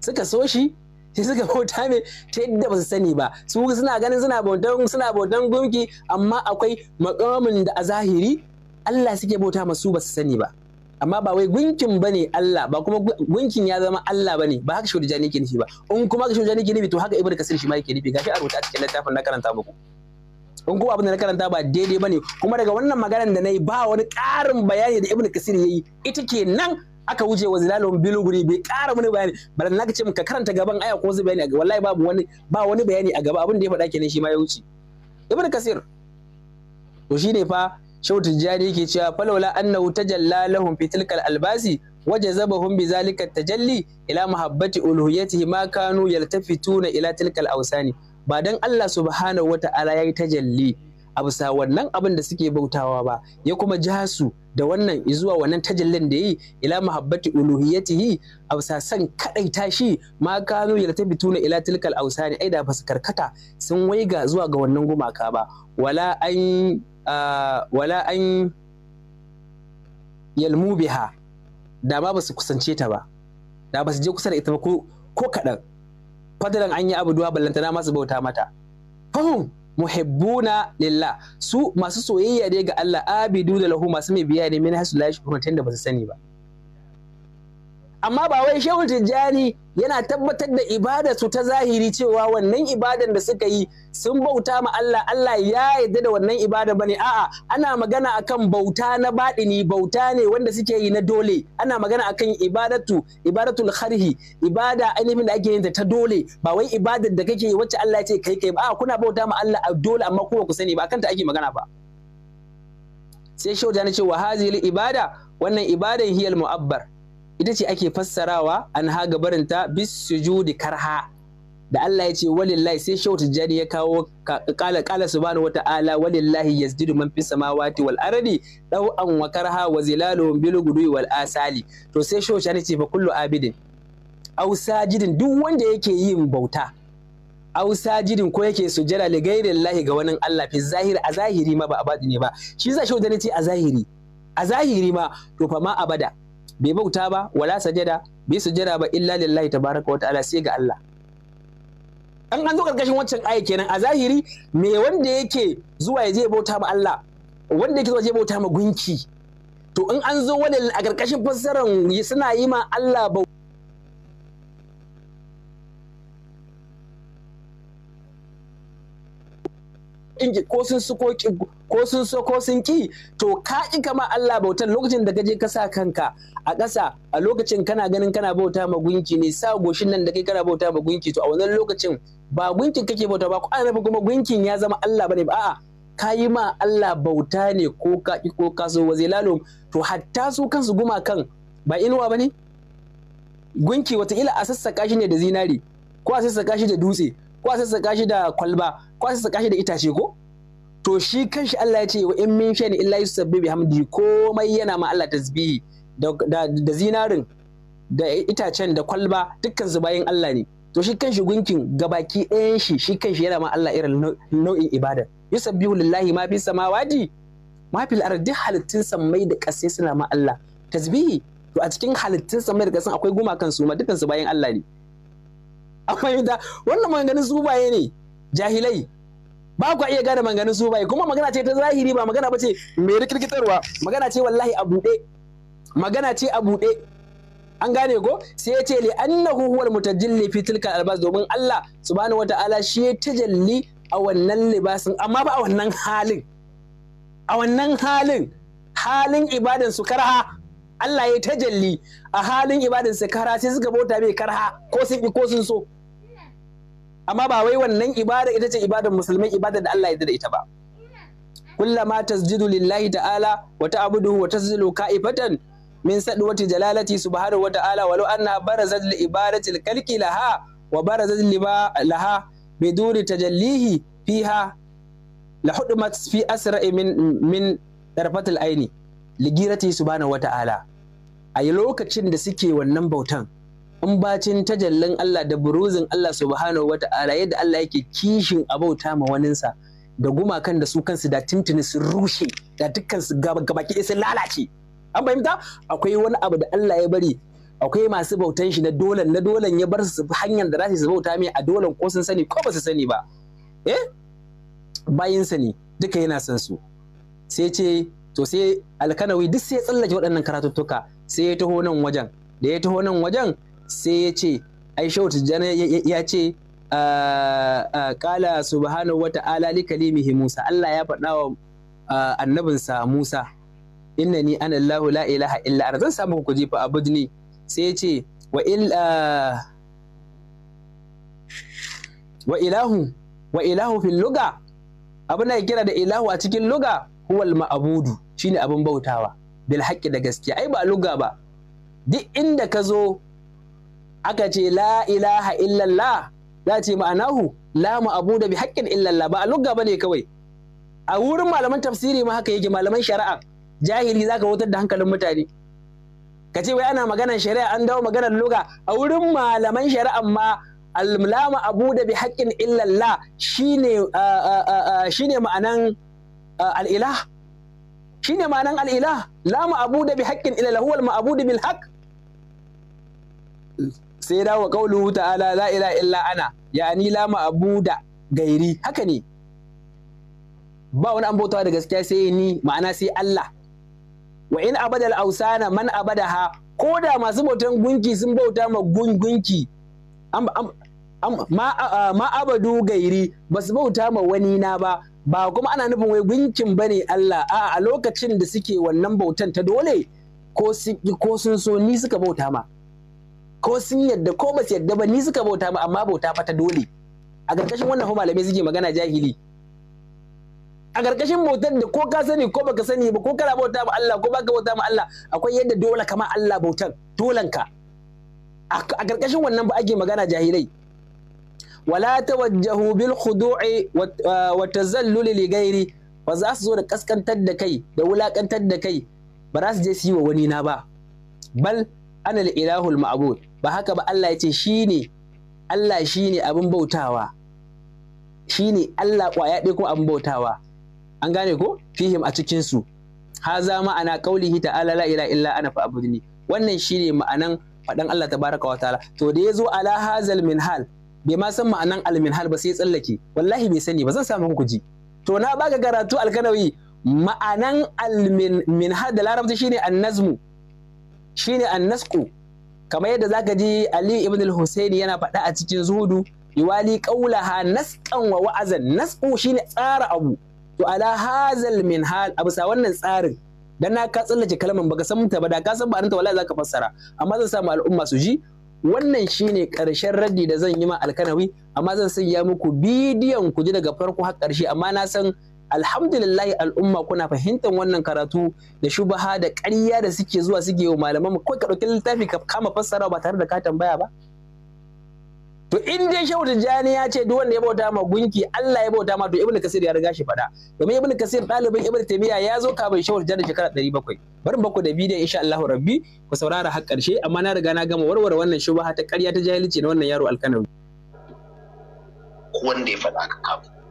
suka so shi sai suka bauta mai ta yadda ba su sani ba su suna ganin suna bautan suna bautan gunki amma akwai makamin da a zahiri Allah suke bauta masu ba su sani ba amma ba wai gunkin bane Allah ba kuma gunkin ya zama Allah bane ba haka shaudijani ke nufi ba in kuma haka shaudijani ke nufi to haka ka kasir shi ma yake nufi gashi a rubuta a cikin littafin na karanta muku in kuma abin da na karanta ba daidai bane kuma daga wannan maganar da na yi ba wani ƙarin bayani da ibnu kasir yi ita kenan aka wuce wa zilalun biluguri bai ƙara wani bayani bari na ce ka karanta gaban aya ko su bayani wallahi babu wani ba wani bayani a gaba abin da ya faɗa kenan shi ma ya wuce ibnu kasir to shine fa shautu jani yake cewa falola annahu tajalla lahum fi tilkal albasi وجذبهم zalika tajalli ila muhabbati uluhiyatihi ma kanu yaltafituna Ila, Tilkal, Ausani. ba dan Allah subhanahu ta'ala ya yi tajalli a bisa wannan abin da suke bautawa ba ya kuma ja su da wannan zuwa wannan tajallin da yi ila mahabbati uluhiyatihi a bisa san kadai shi ma kanu tuna ila tilkal ausani ai da ba su karkata sun waiga zuwa ga wannan gumaka ba wala an wala an yalmu da ba su kusance ta ba da ba su je kusa da ita ba ko kaɗan fadalan an yi abu duwa ballantana masu bauta mata fahim muhibbuna lillah su masu soyayya ne ga Allah abidu da lahu masu mai biya ne min hasu lashi da ba su sani ba amma ba wai shehu tijjani yana tabbatar da ibada su ta zahiri cewa wannan ibadan da suka yi sun bauta ma Allah Allah ya yarda da wannan ibada bane a'a ana magana akan bauta na baɗini bauta ne wanda suke yi na dole ana magana akan ibadatu ibadatul kharhi ibada ainihin da ake yin ta dole ba wai ibadar da kake wacce Allah ya ce kai kai ba kuna bauta ma Allah dole amma kowa ku sani ba Kanta ake magana ba sai shehu tijjani ce wa hazil ibada wannan ibadan hiyal mu'abbar ita ce ake fassarawa an haga barinta bis sujudi karha da Allah ya ce walillahi sai Shehu Tijjani ya kawo kala kala subhanahu wata'ala walillahi yasjudu man fis samawati wal ardi daw an wa karha wa zilaluhum bil wal asali to sai Shehu Tijjani ce fa kullu abidin aw sajidin duk wanda yake yin bauta aw sajidin ko yake sujjada li ghairillahi ga wani Allah fi zahiri a zahiri ma ba a ne ba shi zai Shehu Tijjani ce a zahiri a zahiri ma to fa ma abada bai bauta ba wala sajada bai sujada ba illa lillahi tabaraka wa ta'ala sai ga Allah an an zo karkashin wancan aya kenan a zahiri me wanda yake zuwa ya je bauta ma Allah wanda yake zuwa ya bauta ma gunki to in an zo wannan a karkashin fassarar suna yi ma Allah bauta ingi ko sun su ko ko sun so ko sun ki to ka ki kama Allah bautan lokacin da kaje ka sa kanka a ƙasa a lokacin kana ganin kana bauta ma gunki ne sa goshin nan da kai kana bauta ma gunki to a wannan lokacin ba gunkin kake bauta ba Qur'ani kuma gunkin ya zama Allah bane ba a'a ka yi ma Allah bauta ne ko ka ki ko ka so wa zilalum to hatta su kansu gumakan ba inuwa bane gunki wataƙila a sassaka shi ne da zinari ko a sassaka shi da dutse ko a sassaka shi da kwalba kwasa sa kashi da itace ko to shi kanshi Allah ya ce wa in min shani illa yusabbihu bihamdi komai yana ma Allah tasbihi da, da, zinarin da itacen da kwalba dukkan su bayin Allah ne to shi kanshi gunkin gabaki ɗayan shi shi kanshi yana ma Allah irin nau'in ibada yusabbihu lillahi ma fi samawati ma fil ardi halittun samai da ƙasai suna ma Allah tasbihi to a cikin halittun samai da ƙasan akwai gumakan su ma dukkan su bayin Allah ne akwai da wannan maganganun su baye ne jahilai ba ku iya gane maganin su bai kuma magana ce ta zahiri ba magana bace mai rikirkitarwa magana ce wallahi a buɗe magana ce a buɗe an gane ko sai ya ce li annahu huwal mutajalli fi tilka albas domin Allah subhanahu wataala shi ya tajalli a wannan libasin amma ba a wannan halin a wannan halin halin ibadan su karha Allah ya tajalli a halin ibadan su karha sai suka bauta mai karha ko sun ko sun so amma ba wai wannan ibada ita ce ibadar musulmai ibada da Allah ya da ita ba kullama tasjudu lillahi ta'ala wa ta'buduhu wa tasjudu ka'ifatan min sadwati jalalati subhanahu wa ta'ala walau anna barazat li ibadati al laha wa barazat liba laha biduri tajallihi fiha la hudumat fi asra'i min min darfatil aini ligirati subhanahu wa ta'ala a lokacin da suke wannan bautan in bacin tajallin Allah da buruzin Allah subhanahu wa ta'ala yadda Allah yake kishin abauta ma waninsa da gumakan da su kansu da tintini sun rushe da dukkan su gabaki sun lalace an fahimta akwai wani abu da Allah ya bari akwai masu bautan shi na dolan na dolan ya bar su hanyar da za su bauta mai a dolan ko sun sani ko ba su sani ba eh bayin ne duka yana son su sai ce to sai alkanawi duk sai ya tsallake waɗannan karatuttuka sai ya taho nan wajen da ya taho nan wajen sai ya ce aisha shehu tijjani ya ce kala ah, ah, subhanahu wa ta'ala li kalimihi musa Allah ya faɗa wa ah, annabinsa musa inna ni ana Allahu la ilaha illa ana zan samu ku jefa abu ne sai ya ce wa illa wa ilahu wa ilahu fil luga abin da kira da ilahu a cikin luga huwal shi shine abin bautawa bil haqqi da gaskiya ai ba luga ba duk inda ka zo aka ce la ilaha illallah za ce ma'anahu la abu da bi haƙƙin illallah ba a lugga ne kawai a wurin malaman tafsiri ma haka yake malaman shari'a jahili zaka wutar da hankalin mutane ka ce wai ana maganar shari'a an dawo maganar luga a wurin malaman shari'a ma almulama abu da bi haƙƙin illallah shine shine ma'anan al'ilah shine ma'anan al'ilah la ma'abu da bi haƙƙin illallah huwal ma'abu bil haqq sai dawo kaulu ta'ala la ila illa ana yani la ma'buda gairi haka ne ba wani an bautawa da gaskiya sai ni ma'ana sai Allah wa in abada al-ausana man ha? ko da masu bautan gunki sun bauta ma gungunki ma abadu gairi ba su bauta ma wani na ba ba kuma ana nufin wai gunkin ba ne Allah a a lokacin da suke wannan bautan ta dole ko sun so ni suka bauta ma ko sun yadda ko ba su yadda ba ni suka bauta ba amma bauta fa ta dole a ƙarƙashin wannan fa malamai suke magana jahili a ƙarƙashin bautar da ko ka sani ko baka sani ba ko kana bauta ma Allah ko baka bauta ma Allah akwai yadda dole kama Allah bautar ka a ƙarƙashin wannan ba ake magana jahilai wala tawajjahu bil khudu'i wa tazallul li ghairi ba za su zo da kaskantar da kai da wulakantar da kai ba za su je su yi wa wani na ba bal ana al ilahul ma'bud ba haka ba Allah ya ce shi ne Allah shi ne abin bautawa shi ne Allah ƙwaya ɗaya kuma abin bautawa an gane ko fihim a cikinsu haza ma'ana kauli ta'ala la ilaha illa ana fa'budni wannan shi ne ma'anan faɗan Allah tabaraka wa ta'ala to da ya zo ala hazal minhal bai ma san ma'anan al hal ba sai tsallake wallahi bai sani ba zan samu muku ji to na baka karatu alkanawi ma'anan al hal da larabci shine an nazmu shine an kamar yadda zaka ji Ali ibn al-Husaini yana faɗa a cikin zuhudu yuwali qaulaha nasqan wa wa'azan nasqu shine tsara abu to ala hazal min hal abu sa wannan tsarin dan na ka tsallace kalman baka san ta da ka san ba anta wallahi zaka fassara amma zan sa samu al'umma su ji wannan shine karshen raddi da zan yi ma alkanawi amma zan sanya muku bidiyon ku ji daga farko har karshe amma na san alhamdulillah al'umma kuna fahimtar wannan karatu da shubaha da ƙarya da suke zuwa suke yi malaman mu ka ɗauki littafi ka kama fassara ba tare da ka tambaya ba to in dai shehu tijjani ya ce duk wanda ya bauta ma gunki Allah ya bauta ma to ibnu kasir ya riga shi faɗa domin ibnu kasir ɗalibin ibnu taymiya ya zo kafin shehu tijjani shekara 700 bari bako da bidiyon insha Allah rabbi ku saurara har ƙarshe amma na riga na gama warware wannan shubaha ta ƙarya ta jahilci na wannan yaro alkanawi wanda ya faɗa ka kafin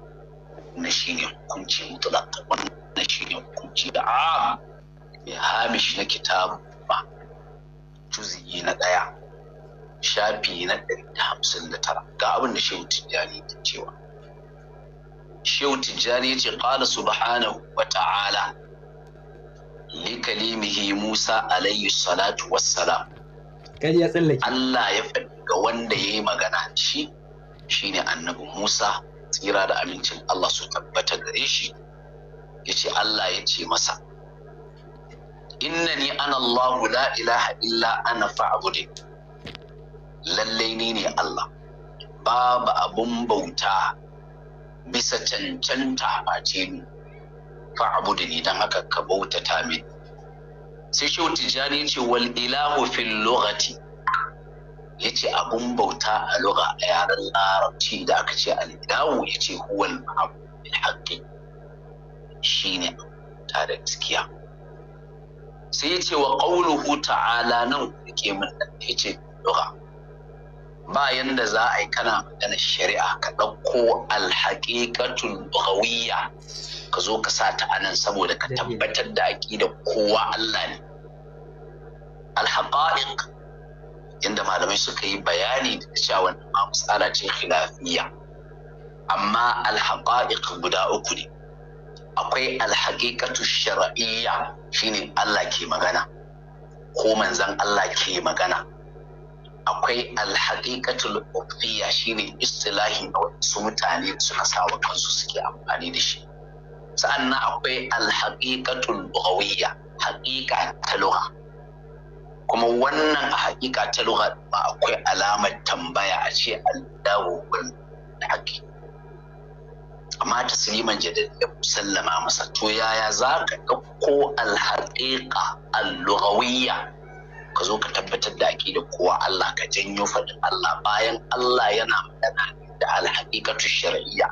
wannan shine hukunci mutlaq wannan shine hukunci da am bi hamish na kitabu ba juz'i na daya shafi na ɗari da hamsin da tara ga abin da shehu tijjani ke cewa shehu tijjani ya ce qala subhanahu wa ta'ala li kalimihi musa alayhi salatu wassalam kan ya tsallake Allah ya faɗi ga wanda ya yi magana shi shine annabi musa tsira da amincin Allah su tabbata gare shi ya ce Allah ya ce masa innani ana Allahu la ilaha illa ana fa'budu lallai ni ne Allah babu abun bauta bisa cancanta ce ni fa'budu ni dan haka ka bautata min sai shehu tijjani ce wal ilahu fil lughati ya ce abun bauta a lura a yaren larabci da aka ce alidawu ya ce huwal ma'abu haƙƙi shi ne ta da gaskiya sai ya ce wa ƙauluhu ta'ala nan rike min nan ya ce lura ba yanda za a yi kana magana shari'a ka ɗauko alhaƙiƙatul lughawiyya ka zo ka sa ta anan saboda ka tabbatar da aƙida kowa Allah ne alhaƙa'iq inda malamai suka yi bayani da cewa wannan ma matsala ce khilafiyya amma alhaqa'iq guda uku ne akwai alhaqiqatu shar'iyya shine Allah ke magana ko manzon Allah ke magana akwai al ukhfiyya shine istilahi da wasu mutane suka sawa kansu suke amfani da shi sa'annan akwai al lughawiyya haqiqa ta lugha kuma wannan a hakika ta lugha ba akwai alamar tambaya a ce Allahu wal haqi amma tasliman jadadda sallama masa to yaya za ka ɗauko alhaƙiƙa al-lughawiyya ka zo ka tabbatar da da kowa Allah ka janyo faɗin Allah bayan Allah yana magana da alhaƙiƙatu shar'iyya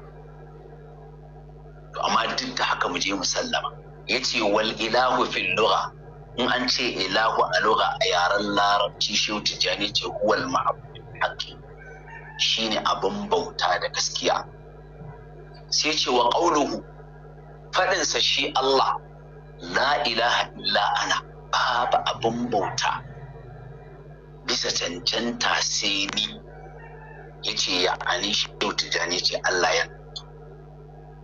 to amma duk da haka mu je mu sallama ce wal ilahu fil lugha in an ce ilahu a lugha a yaren larabci shehu tijjani ce huwal haƙi shi ne abin bauta da gaskiya sai ce wa qauluhu faɗinsa shi Allah la ilaha illa ana babu abin bauta bisa cancanta sai ni ya ce ya ani shi tijjani ce Allah ya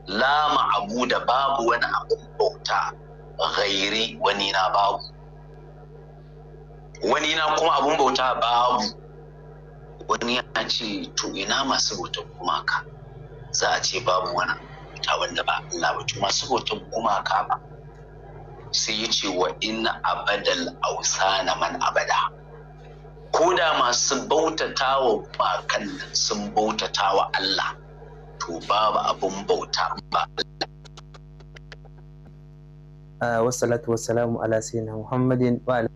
la ma'abu da babu wani abin bauta ghairi wani na babu wani na kuma abun bauta babu wani ya ce to ina masu bautar gumaka za a ce babu wani abin wanda ba Allah ba to masu bautar gumaka ba sai ya ce wa inna abadal ausana man abada ko da masu bautata wa gumakan sun bautata wa Allah to babu abun bauta ba Allah wasalatu wasalamu ala sayyidina muhammadin wa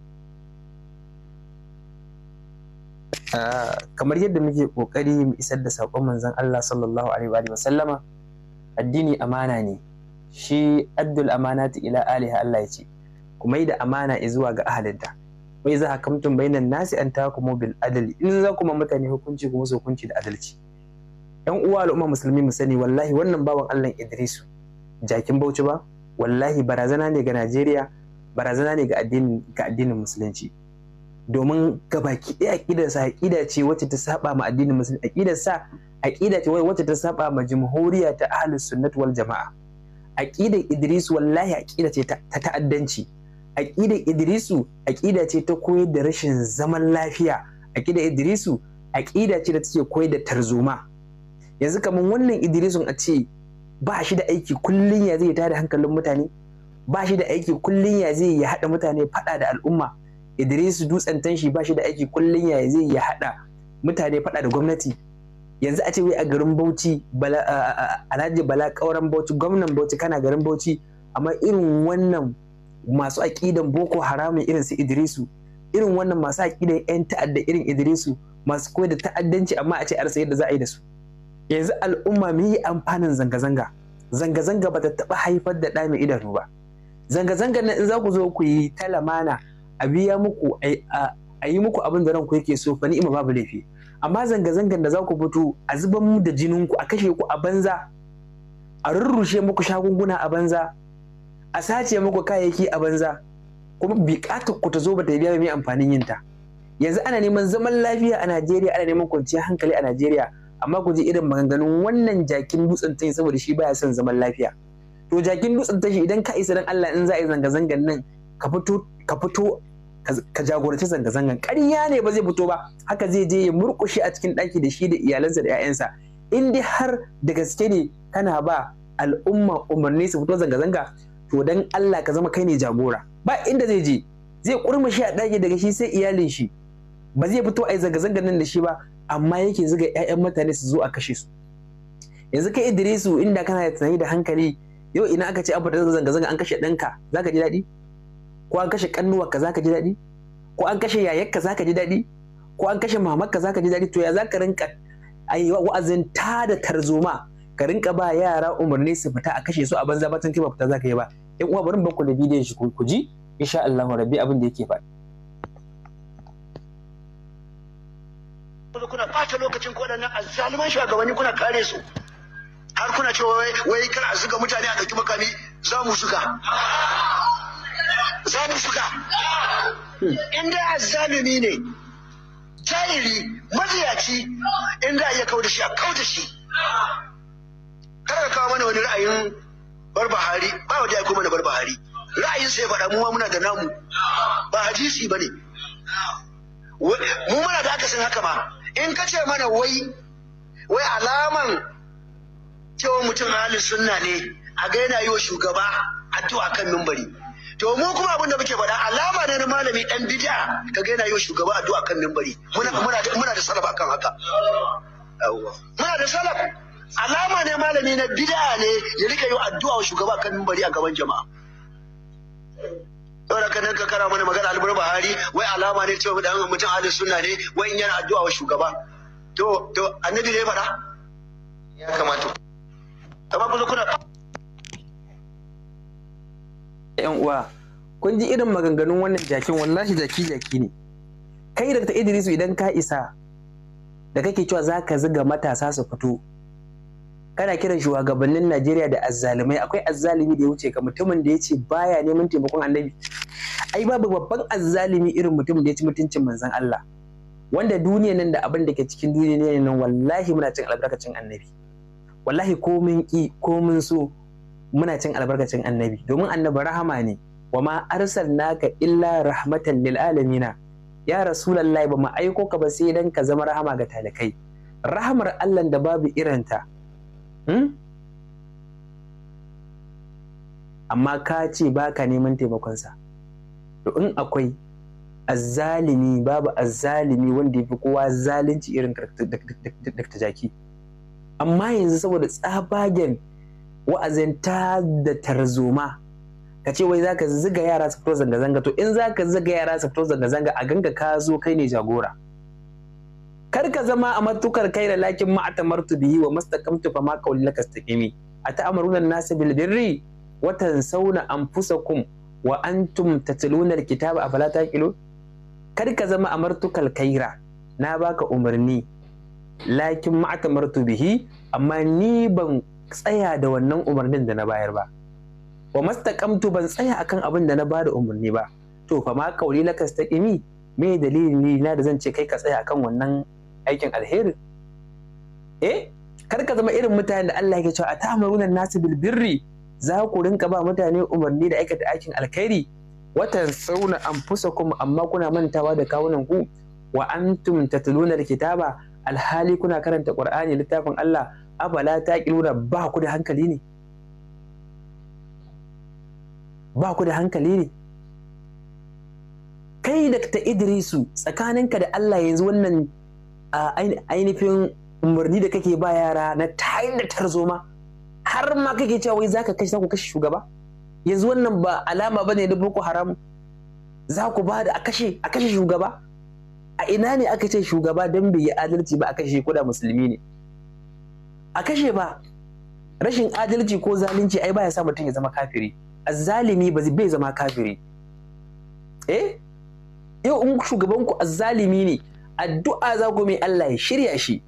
ah, kamar yadda muke kokari mu isar da sakon manzon Allah sallallahu alaihi wa sallama addini amana ne shi addul amanati ila aliha Allah ya ce kuma da amana zuwa ga ahalinta wai za hakamtum bainan nasi an takumu bil adli in za kuma mutane hukunci kuma su hukunci da adalci yan uwa al'umma musulmi mu sani wallahi wannan bawan Allah Idrisu jakin Bauchi ba wallahi barazana ne ga najeriya barazana ne ga addinin musulunci domin gabaki ɗaya sa aƙida ce wacce ta saba ma addinin musulunci sa aƙida ce wacce ta saba ma jamhuriya ta ahlus sunnat wal jama'a aƙidar idris wallahi aƙida ce ta ta'addanci aƙidar idrisu aƙida ce ta koyar da rashin zaman lafiya aƙidar idrisu aƙida ce da take koyar da tarzoma yanzu kamar wannan idrisun a ce ba shi da aiki kullum ya zai tada hankalin mutane ba shi da aiki kullum ya zai ya haɗa mutane faɗa da al'umma idris dutsen tanshi ba shi da aiki kullum ya zai ya haɗa mutane faɗa da gwamnati yanzu a ce wai a garin bauchi alhaji bala kauran bauchi gwamnan bauchi kana garin bauchi amma irin wannan masu aƙidan boko haramun irin su idrisu irin wannan masu aƙidan 'yan ta'adda irin idrisu masu koyar da ta'addanci amma a ce arsa yadda za a yi da su yanzu al'umma mu yi amfanin zanga-zanga zanga-zanga ba ta taɓa haifar da ɗa mai idanu ba zanga-zanga na in za ku zo ku yi ta lamana a biya muku a yi muku abin da ku yake so fa ni'ima babu laifi amma zanga-zangan da za ku fito a zuban mu da jinin ku a kashe ku a banza a rurrushe muku shagunguna a banza a sace muku kayayyaki a banza kuma bikatar ku ta zo ba ta biya mai amfanin yinta yanzu ana neman zaman lafiya a Najeriya ana neman kwanciyar hankali a Najeriya amma ku ji irin maganganun wannan jakin dutsen tashi saboda shi baya son zaman lafiya to jakin dutsen tashi idan ka isa dan Allah in za a yi zanga-zangan nan ka fito ka fito ka jagoranci zanga-zangan ƙarya ne ba zai fito ba haka zai je ya murƙushe a cikin ɗaki da shi da iyalansa da 'ya'yansa in dai har da gaske ne kana ba al'umma umarni su fito zanga-zanga to dan Allah ka zama kai ne jagora ba inda zai je zai kurmushi a ɗaki daga shi sai iyalin shi ba zai fito a yi zanga-zangan nan da shi ba amma yake zuga 'ya'yan mutane su zo a kashe su yanzu kai idrisu inda kana da tunani da hankali yau ina aka ce abu da zanga zanga an kashe ɗanka zaka ji daɗi ko an kashe kannuwarka zaka ji daɗi ko an kashe yayarka zaka ji daɗi ko an kashe mamarka zaka ji daɗi to ya za ka rinka ai wa'azin ta da tarzoma ka rinka ba yara umarni su fita a kashe su a banza batun kai ba fita ka yi ba in uwa bari ban ku da bidiyon shi ku ji insha Allah rabbi abin da yake faɗi kuna ɓata lokacin ko waɗannan azzaluman shugabanni kuna kare su har kuna cewa wai kar a zuga mutane a ɗauki makami za mu zuga za mu zuga in dai azzalumi ne jahili maziyaci in da iya kauda shi a kauda shi kar ka kawo mana wani ra'ayin barbahari ba wajen aiko mana barbahari ra'ayin sai faɗa mu ma muna da namu ba hadisi ba ne mu muna da akasin haka ma in ka ce mana wai wai alaman cewa mutum halin sunna ne a ga yana yi wa shugaba addu'a kan mimbari to mu kuma abin da muke faɗa alama ne na malami dan bid'a ka ga yana yi wa shugaba addu'a kan mimbari muna muna da muna da salaf akan haka muna da salaf alama ne malami na bid'a ne ya rika yi addu'a wa shugaba kan mimbari a gaban jama'a saboda ka ka kara mana magana albar Buhari wai alama ne cewa mutum ahlus sunna ne wai in yana addu'a wa shugaba to to annabi ne fara. ya kamata amma ku kuna yan uwa kun ji irin maganganun wannan jakin wallahi jaki jaki ne kai da ta Idrisu idan ka isa da kake cewa za ka ziga matasa su fito kana kiran shugabannin Najeriya da azzalumai akwai azzalumi da ya wuce ka mutumin da ya ce baya neman taimakon annabi ai babu babban azzalumi irin mutumin da ya ci mutuncin manzon Allah wanda duniya nan da abin da ke cikin duniya ne nan wallahi muna cin albarkacin annabi wallahi ko mun ki ko mun so muna cin albarkacin annabi domin annabi rahama ne wa ma arsalnaka illa rahmatan lil alamina ya rasulullahi ba mu aiko ka ba sai dan ka zama rahama ga talakai rahamar Allah da babu irinta Hmm? amma ka ce ba ka neman taimakonsa to in akwai azzalimi babu azzalimi wanda ya fi kowa zalunci irin ta jaki amma yanzu saboda tsabagen wa'azin ta da tarzoma ka ce wai zaka ziga yara su fito zanga-zanga to in zaka ziga yara su fito zanga-zanga a ganga ka zo kai ne jagora kar ka zama a matukar kai da lakin ma martu bihi wa mastaqamtu fa ma qawli laka istaqimi ata'amuruna an-nasa bil birri wa tansawna anfusakum wa antum tatluna al-kitaba afala taqilun kar ka zama amartukal kaira na baka umarni lakin ma martu bihi amma ni ban tsaya da wannan umarnin da na bayar ba wa mastaqamtu ban tsaya akan abin da na bada umarni ba to fa ma qawli laka istaqimi me dalili na da zan ce kai ka tsaya akan wannan aikin alheri eh kar ka zama irin mutanen da Allah yake cewa a ta'amaruna nasu bil birri za ku rinka ba mutane umarni da aikata aikin alkhairi watan sauna anfusakum amma kuna mantawa da kawunan ku wa antum tatluna alkitaba alhali kuna karanta qur'ani littafin Allah abala taqiluna ba ku da hankali ne ba ku da hankali ne kai da ta idrisu tsakaninka da Allah yanzu wannan A ainihin umarni da kake ba yara na tayin da ma har ma kake cewa wai zaka kashe ku kashe shugaba yanzu wannan ba alama ba ne na boko haram za ku ba da a kashe shugaba a ina ne aka ce shugaba don bai yi adalci ba a kashe ko musulmi ne a kashe ba rashin adalci ko zalunci ai baya sa mutum ya zama kafiri A zalimi ba bai zama kafiri eh yau in shugabanku zalimi ne addu'a za ku mai Allah ya shirya shi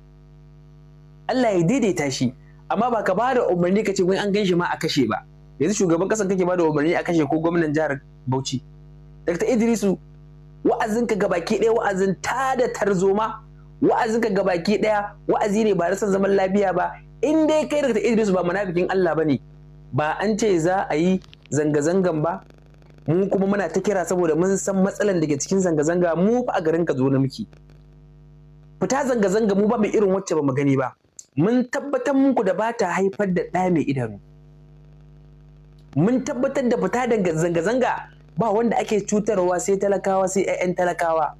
Allah ya daidaita shi amma ba ka ba da umarni ka ce wai an gan shi ma a kashe ba yanzu shugaban kasan kake da umarni a kashe ko gwamnan jihar Bauchi Dr. Idrisu wa'azin ka gabaki ɗaya wa'azin ta da tarzoma Wa'azin ka gabaki ɗaya wa'azi ne ba ra san zaman lafiya ba in dai kai Dr. Idrisu ba munafikin Allah ba ne. ba an ce za a yi zanga-zangan ba mu kuma muna ta kira saboda mun san matsalan da ke cikin zanga-zanga mu fa a garin ka zo na muke fita zanga-zanga mu ba mu irin wacce ba mu gani ba mun tabbatar muku da ba ta haifar da ɗa mai idanu mun tabbatar da fita daga zanga-zanga ba wanda ake cutarwa sai talakawa sai 'ya'yan talakawa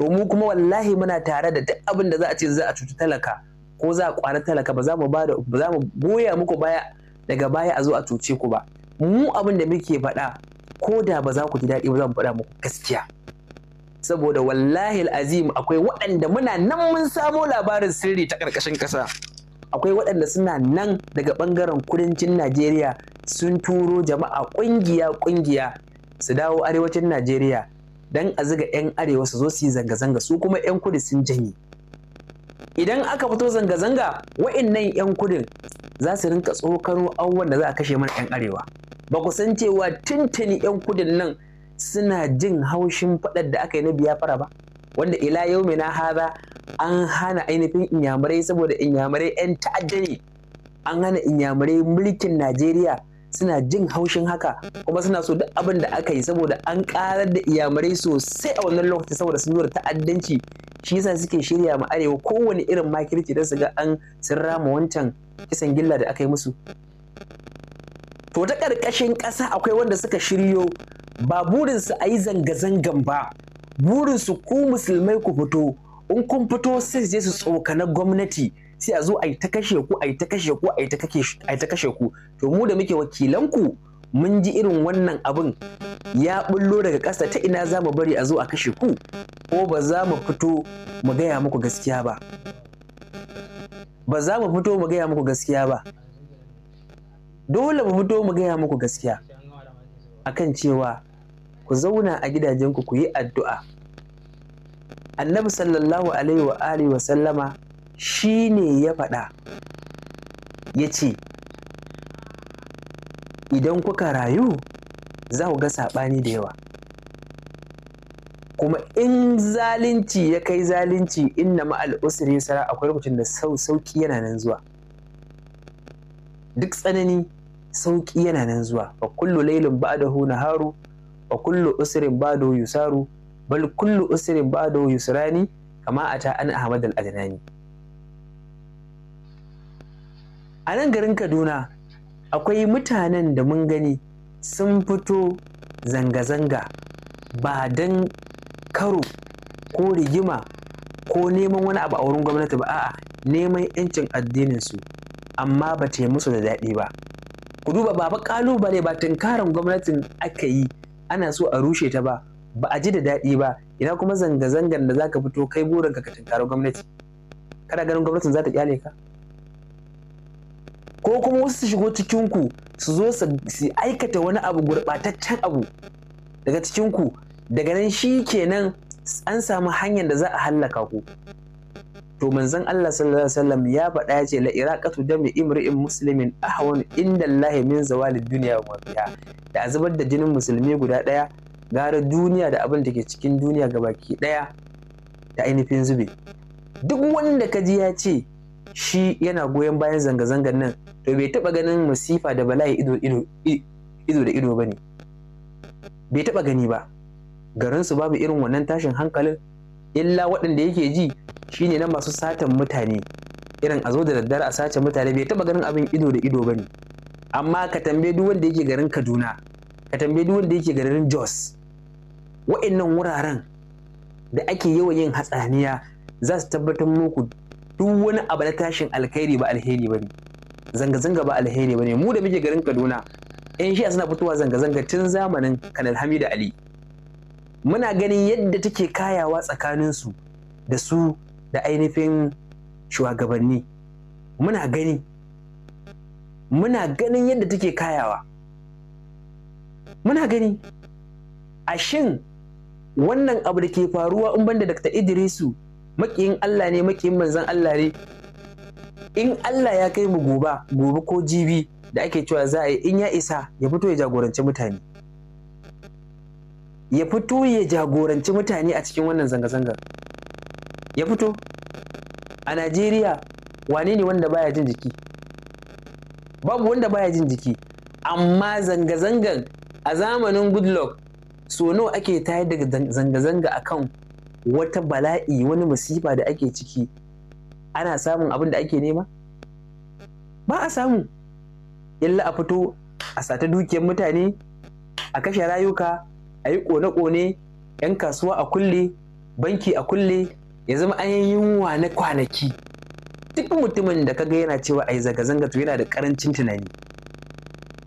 to mu kuma wallahi muna tare da duk abin da za a ce za a cuci talaka ko za a kwana talaka ba za mu ba za mu goya muku baya daga baya a zo a cuce ku ba mu abin da muke faɗa ko da ba za ku ji daɗi ba za mu faɗa muku gaskiya saboda wallahi azim akwai waɗanda muna nan mun samo labarin sirri ta ƙarƙashin ƙasa akwai waɗanda suna nan daga ɓangaren kudancin najeriya sun turo jama'a ƙungiya ƙungiya su dawo arewacin najeriya don a ziga 'yan arewa su zo su yi zanga-zanga su kuma 'yan kudu sun janye idan aka fito zanga-zanga wa'innan 'yan kudin za su rinka tsokano abubuwan da za a kashe mana 'yan arewa ba ku san cewa tuntuni 'yan kudin nan suna jin haushin faɗar da aka yi na biyafara ba wanda ila yau mai na haza an hana ainihin inyamurai saboda inyamurai 'yan ta'adda ne an hana inyamurai mulkin najeriya suna jin haushin haka kuma suna so duk abin da aka yi saboda an karar da inyamurai sosai a wannan lokacin saboda sun zuwa ta'addanci shi yasa suke shirya ma arewa kowane irin makirci don su ga an sirra ma wancan kisan gilla da aka yi musu to ta ƙarƙashin ƙasa akwai wanda suka shiryo ba burinsu a yi zanga-zangan ba burinsu ku musulmai ku fito in kun fito sai je su tsokana gwamnati sai a zo a yi ta kashe ku a yi ta kashe ku a yi ta kashe ku to mu da muke wakilanku mun ji irin wannan abin ya bullo daga ƙasa ta ina za mu bari a zo a kashe ku ko ba za mu fito mu gaya muku gaskiya ba ba za mu fito mu gaya muku gaskiya ba dole mu fito mu gaya muku gaskiya akan cewa ku zauna a gidajenku ku yi addu'a annabi sallallahu alaihi wa Alaihi wa sallama shi ne ya faɗa ya ce idan kuka rayu za ku ga saɓani da yawa kuma in zalunci ya kai zalunci inna ma'al usri sara akwai lokacin da sauki yana nan zuwa duk tsanani sauƙi yana nan zuwa fa kullu laylin ba'dahu naharu wa kullu usrin ba'dahu yusaru bal kullu usrin ba'dahu yusrani kama ata an ahmad al-adnani a nan garin kaduna akwai mutanen da mun gani sun fito zanga-zanga ba dan karo ko rigima ko neman wani abu a wurin gwamnati ba a'a neman 'yancin addininsu amma ba ta musu da daɗi ba ku duba ba fa kalubale ba tunkarin gwamnatin aka yi ana so a rushe ta ba ba a ji da daɗi ba ina kuma zanga-zangan da zaka fito kai burinka ka tunkari gwamnati kana ganin gwamnatin za ta kyale ka ko kuma wasu su shigo cikinku su zo su aikata wani abu gurɓataccen abu daga cikinku daga nan shi kenan an samu hanyar da za a hallaka ku to manzon Allah sallallahu alaihi wasallam ya faɗa ya ce la iraqatu dami imri'in muslimin ahwan inda Allah min zawali dunya wa da a zubar da jinin musulmi guda daya gara duniya da abin da ke cikin duniya ga baki daya da ainihin zube duk wanda ka ji ya ce shi yana goyon bayan zanga-zangar nan to bai taba ganin masifa da bala'i ido ido ido da ido bane bai taba gani ba garinsu babu irin wannan tashin hankalin illa waɗanda yake ji shine na masu satan mutane irin a zo da daddare a sace mutane bai taɓa ganin abin ido da ido ba ne amma ka tambaye duk wanda yake garin Kaduna ka tambaye duk wanda yake garin Jos wa'annan wuraren da ake yawan yin hatsaniya za su tabbatar muku duk wani abu na tashin alkhairi ba alheri ba ne zanga-zanga ba alheri ne mu da muke garin Kaduna yan shi'a suna fitowa zanga-zanga tun zamanin Kanal Hamida Ali muna ganin yadda take kayawa tsakaninsu da su da ainihin shugabanni muna gani muna ganin yadda take kayawa muna gani a shin wannan abu da ke faruwa in banda Dr. Idrisu makiyin Allah ne makiyin manzan Allah ne in Allah ya kai mu gobe gobe ko jibi da ake cewa za a yi in ya isa ya fito ya jagoranci mutane ya fito ya jagoranci mutane a cikin wannan zanga-zangar ya fito a najeriya wane ne wanda baya jin jiki babu wanda baya jin jiki amma zanga zangan a zamanin goodluck so nawa ake tayar da zanga-zanga a kan wata bala'i wani masifa da ake ciki ana samun abin da ake nema ba a samu illa a fito a sata dukiyar mutane a kashe rayuka a yi kone-kone 'yan kasuwa a kulle banki a kulle ya zama an yi na kwanaki duk mutumin da kaga yana cewa a yi zanga-zanga to yana da karancin tunani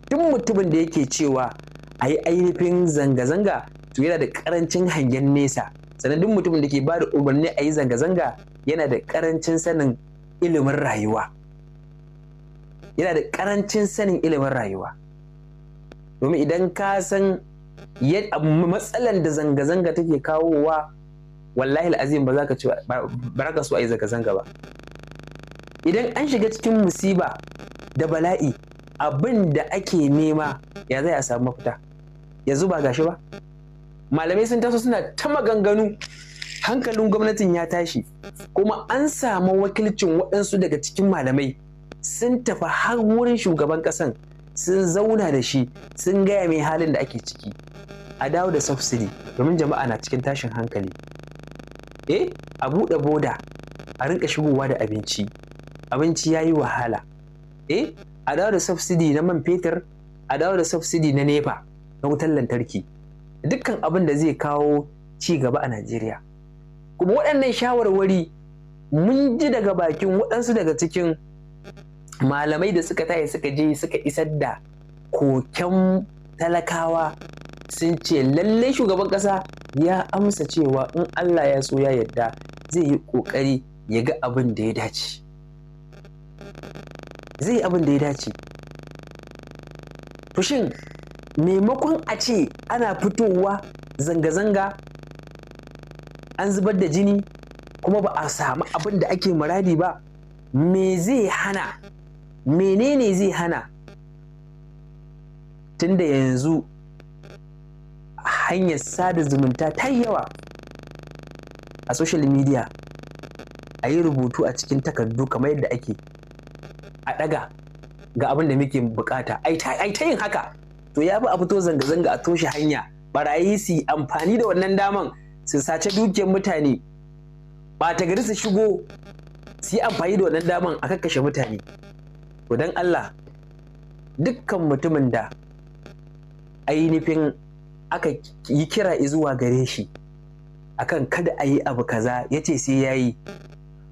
duk mutumin da yake cewa a yi ainihin zanga-zanga to yana da karancin hangen nesa sannan duk mutumin da ke ba da umarni a yi zanga-zanga yana da karancin sanin ilimin rayuwa yana da karancin sanin ilimin rayuwa domin idan ka san matsalan da zanga-zanga take kawowa wallahi al'azim ba za ka ce ba ka so a yi zanga-zanga ba idan an shiga cikin musiba da bala'i abin da ake nema ya zai a samu mafita yanzu ba gashi ba malamai sun taso suna ta maganganu hankalin gwamnatin ya tashi kuma an samu wakilcin waɗansu daga cikin malamai sun tafi har wurin shugaban ƙasan sun zauna da shi sun gaya mai halin da ake ciki a dawo da subsidy domin jama'a na cikin tashin hankali eh a buɗe boda a rinka shigowa da abinci abinci ya yi wahala eh a dawo da subsidy na man fetur a dawo da subsidy na nepa na wutar lantarki dukkan abin da zai kawo ci gaba a najeriya kuma waɗannan shawarwari mun ji daga bakin waɗansu daga cikin malamai da suka taya suka je suka isar da koken talakawa sun ce lallai shugaban ƙasa ya amsa cewa in Allah ya so ya yarda zai yi ƙoƙari ya ga abin da ya dace zai abin da ya dace to shin maimakon a ce ana fitowa zanga-zanga an zubar da jini kuma ba a samu abin da ake muradi ba me zai hana menene zai hana tunda yanzu hanyar sada zumunta ta yawa a social media a yi rubutu a cikin takardu kamar yadda ake a ɗaga ga abin da muke bukata ai ta yin haka to ya fi a fito zanga-zanga a toshe hanya barayi su yi amfani da wannan daman su sace dukiyar mutane ba ta gari su shigo su yi amfani da wannan daman a kakkashe mutane to don Allah dukkan mutumin da ainihin aka yi kira zuwa gare shi akan kada a yi abu kaza ya ce sai ya yi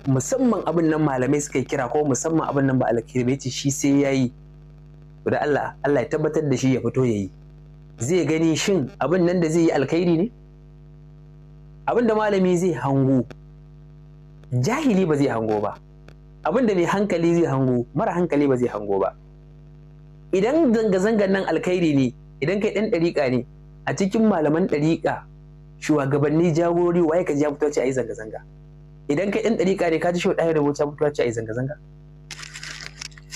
musamman abin nan malamai suka yi kira ko musamman abin nan ba alkhairi ce shi sai ya yi da Allah Allah ya tabbatar da shi ya fito ya yi zai gani shin abin nan da zai yi alkhairi ne abin da malami zai hango jahili ba zai hango ba abin da mai hankali zai hango mara hankali ba zai hango ba idan zanga zangar nan alkhairi ne idan kai ɗan ɗariƙa ne a cikin malaman ɗariƙa shugabanni jagorori waye ka ji ya fito ce a yi zanga-zanga idan kai ɗan ɗariƙa ne ka ji shau ɗaya da ya fito ce a yi zanga-zanga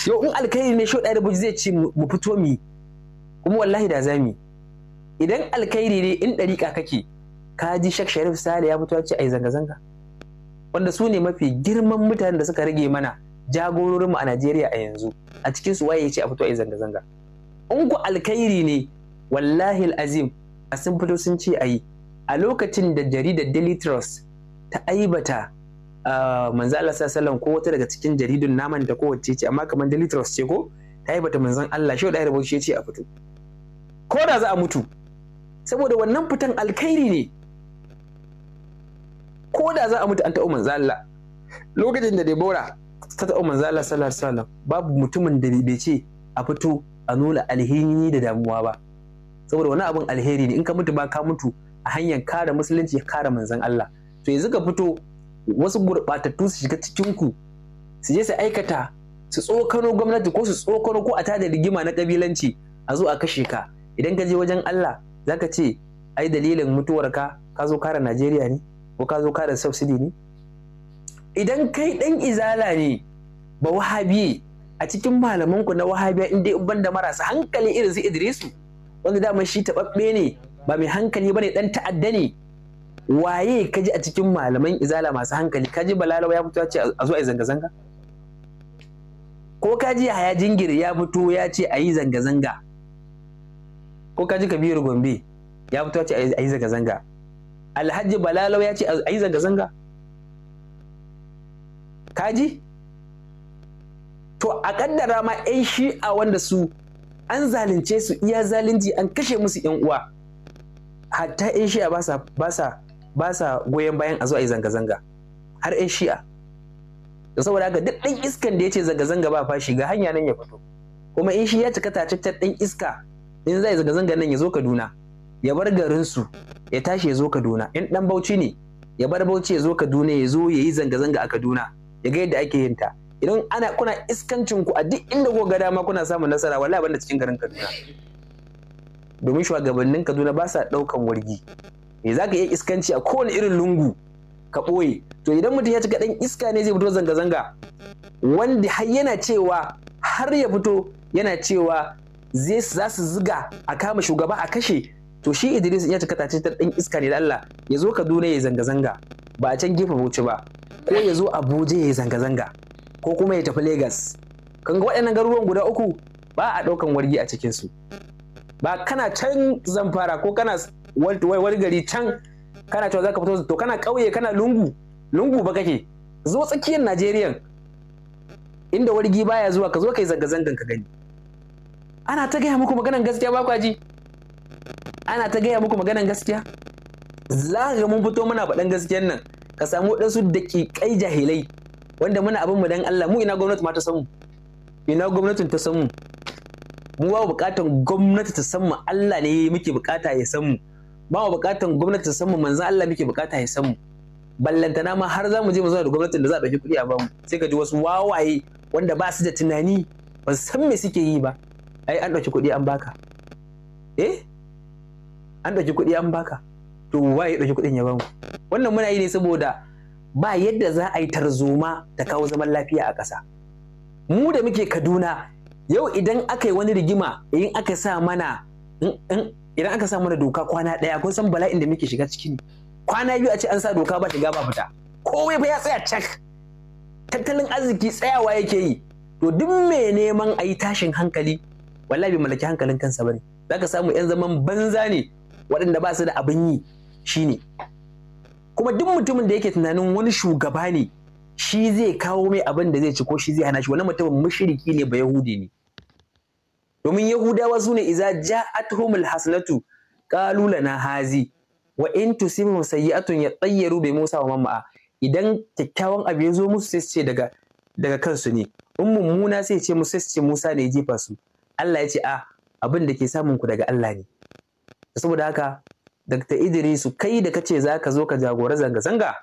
yau in alkhairi ne shau ɗaya da rubuci zai ce mu fito mi kuma wallahi da zami idan alkhairi ne in ɗariƙa kake ka ji shak sharif sale ya fito ce a yi zanga-zanga wanda su ne mafi girman mutanen da suka rage mana jagororinmu a Najeriya a yanzu a cikin su waye ce a fito a zanga-zanga in ku alkhairi ne wallahi azim a sun fito sun ce a yi a lokacin da jaridar Daily Trust ta aibata ah, manzo Allah sallallahu ko wata daga cikin jaridun naman da kowace ce amma kamar Daily Trust ce ko ta aibata manzon Allah shi da rubuce ce a fito ko da za a mutu saboda wannan fitan alkhairi ne ko da za a mutu an taɓa manzo Allah lokacin da Debora ta taɓa manzo Allah sallallahu alaihi wasallam babu mutumin da bai ce a fito a nuna alheri da damuwa ba saboda wani abin alheri ne in ka mutu ba ka mutu a hanyar kare musulunci ya kare manzon Allah to yanzu ka fito wasu gurɓatattu su shiga cikin ku su je su aikata su tsokano gwamnati ko su tsokano ko a tada rigima na kabilanci a zo a kashe ka idan ka je wajen Allah zaka ce ai dalilin mutuwarka ka zo kare Najeriya ne ko ka zo ka da subsidy ne idan kai dan izala ne ba wahabi a cikin malaman ku na wahabiya in dai ban da marasa hankali irin su Idrisu wanda dama shi tababbe ne ba mai hankali bane dan ta'adda ne waye kaji a cikin malaman izala masu hankali kaji balalawa ya fito ya ce a zo a yi zanga-zanga ko kaji haya jingiri ya fito ya ce a yi zanga-zanga ko kaji kabiru gombe ya fito ya ce a yi zanga-zanga alhaji balalau ya ce a yi zanga-zanga kaji to a kaddara ma 'yan shi'a wanda su an zalunce su iya zalunci an kashe musu 'yan uwa hatta 'yan shi'a ba sa goyon bayan a zo a yi zanga-zanga har 'yan shi'a da saboda haka duk ɗan iskan da ya ce zanga-zanga ba fashi ga hanya nan ya fito kuma in shi ya cika tace ɗan iska in zai zanga-zanga nan ya zo kaduna ya bar garinsu ya tashi ya zo kaduna in dan bauchi ne ya bar bauchi ya zo kaduna ya zo ya zanga-zanga a kaduna ya ga yadda ake yin ta idan ana kuna iskancin ku a duk inda ko ga dama kuna samun nasara wallahi banda cikin garin kaduna domin shugabannin kaduna ba sa daukan wargi me zaka yi iya iskanci a kowane irin lungu ka boye to idan mutum ya cika dan iska ne zai fito zanga-zanga wanda har yana cewa har ya fito yana cewa za su ziga a kama shugaba a kashe to shi Idris ya cika tace ta dan iska ne da Allah ya zo Kaduna ya zanga zanga ba a can gefe Bauchi ba ko ya zo Abuja ya zanga zanga ko kuma ya tafi Lagos kan ga waɗannan garuruwan guda uku ba a ɗaukan wargi a cikin su ba kana can zamfara ko kana wani wani gari can kana cewa zaka fito to kana ƙauye kana lungu lungu ba kake zo tsakiyar Najeriya inda wargi baya zuwa ka zo kai zanga zangan ka gani ana ta gaya muku maganan gaskiya ba ji ana ta gaya muku maganan gaskiya za ga mun fito muna faɗan gaskiyan nan ka samu waɗansu kai jahilai wanda muna abin mu dan Allah mu ina gwamnati ma ta samu ina gwamnatin ta samu mu ba buƙatan gwamnati ta samu Allah ne muke buƙata ya samu ba mu buƙatan gwamnati ta samu manzan Allah muke buƙata ya samu ballantana ma har za mu je mu zauna da gwamnatin da za a ɗauki kuɗi a bamu sai ka ji wasu wawaye wanda ba su da tunani ba san me suke yi ba ai an ɗauki kuɗi an baka eh an ɗauki kuɗi an baka to waye ya ɗauki kuɗin ya bamu wannan muna yi ne saboda ba yadda za a yi tarzoma ta kawo zaman lafiya a ƙasa mu da muke kaduna yau idan aka yi wani rigima in aka sa mana idan aka sa mana doka kwana ɗaya kun san bala'in da muke shiga ciki ne kwana biyu a ce an sa doka ba shiga ba fita komai fa ya tsaya cak tattalin arziki tsayawa yake yi to duk mai neman a yi tashin hankali wallahi bai mallaki hankalin kansa ba ne. za zaka samu yan zaman banza ne waɗanda ba su da abin yi shi ne. kuma duk mutumin da yake tunanin wani shugaba ne shi zai kawo mai abin da zai ci ko shi zai hana shi wani mutumin mushriki ne ba yahudi ne domin yahudawa su ne iza ja'atuhumul hasanatu qalu lana hazi wa in tusibhum ya yatayyaru bi Musa wa Mammaa. idan kyakkyawan abu ya zo musu sai ce daga kansu ne in mummuna sai ce musu sai ce Musa ne ya jefa su Allah ya ce a ah, abin da ke samun ku daga Allah ne saboda haka Dr. Idris kai da kace zaka zo ka jagora zanga-zanga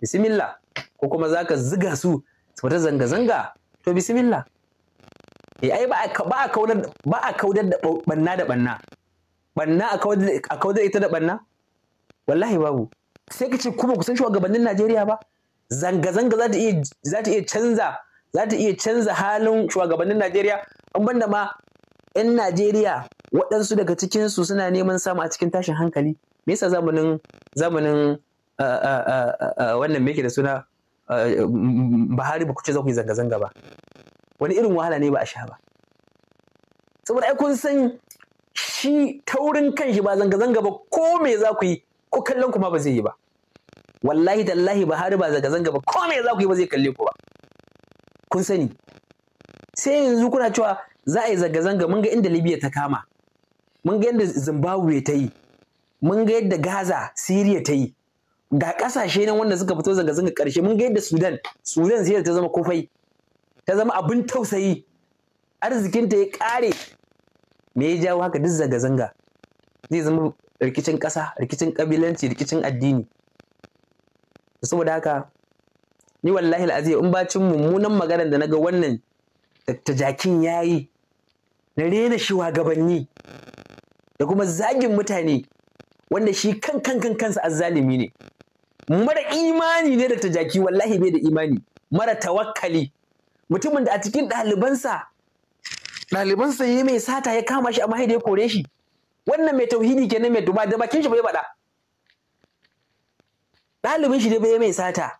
bismillah ko kuma zaka ziga su wata zanga-zanga to bismillah eh ai ba a kaudar ba a kaudar da banna da banna banna a kaudar ita da banna wallahi babu sai kace kuma kusan shugabannin Najeriya ba zanga-zanga za ta iya za ta iya canza za ta iya canza halin shugabannin Najeriya an banda ma 'yan Najeriya waɗansu daga cikinsu suna neman samu a cikin tashin hankali me yasa zamanin zamanin wannan me da suna Buhari ba ku ce za ku yi zanga-zanga ba wani irin wahala ne ba a sha ba saboda ai kun san shi taurin kan shi ba zanga-zanga ba ko me za ku yi ko kallon ku ma ba zai yi ba wallahi tallahi Buhari ba zanga-zanga ba ko me za ku yi ba zai kalle ku ba kun sani sai yanzu kuna cewa za a yi zanga-zanga mun ga inda Libya ta kama mun ga yadda zimbabwe ta yi mun ga yadda gaza syria ta yi ga kasashe nan wanda suka fito zanga-zanga karshe mun ga yadda sudan sudan syria ta zama kofai ta zama abin tausayi arzikinta ya kare me ya jawo haka duk zanga-zanga zai zama rikicin kasa rikicin kabilanci rikicin addini saboda haka ni wallahi al'azim in bacin mummunan maganar da na ga wannan ta jakin yayi na rena shugabanni da kuma zagin mutane wanda shi kan kan kan kansa azzalimi ne mara imani ne da tajaki wallahi bai da imani mara tawakkali mutumin da a cikin ɗalibansa ɗalibansa ya mai sata ya kama shi a mahaifa ya kore shi wannan mai tauhidi kenan mai duma da bakin shi bai faɗa ɗalibin shi bai mai sata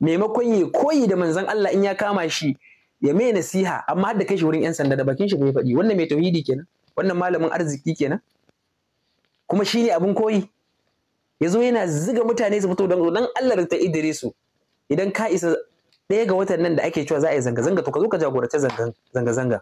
maimakon ya koyi da manzon Allah in ya kama shi ya mai nasiha amma har da kai shi wurin yan sanda da bakin shi bai faɗi wannan mai tauhidi kenan wannan malamin arziki kenan kuma ne abin koyi zo yana ziga mutane su fito don dan Allah ta idire su idan ka isa ɗaya ga watan nan da ake cewa za a yi zanga-zanga to ka zo ka jagoranci zanga-zanga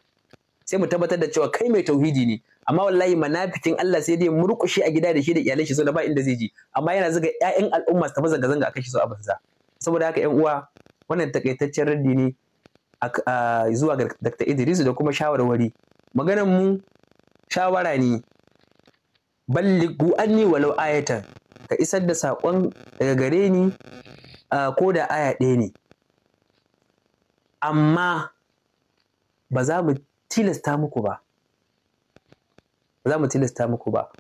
sai mu tabbatar da cewa kai mai tauhidi ne amma wallahi manafikin Allah sai dai murkushe a gida da shi da iyalan shi so da ba inda zai je amma yana ziga ƴaƴan al'umma su tafi zanga-zanga akan shi so a banza saboda haka ƴan uwa wannan takaitaccen raddi ne zuwa ga Dr. Idris da kuma shawarwari maganar mu shawara ne balligu anni walau ayatan ka isar da saƙon daga gare ni ko da aya ɗaya ne amma ba za mu tilasta muku ba ba za mu tilasta muku ba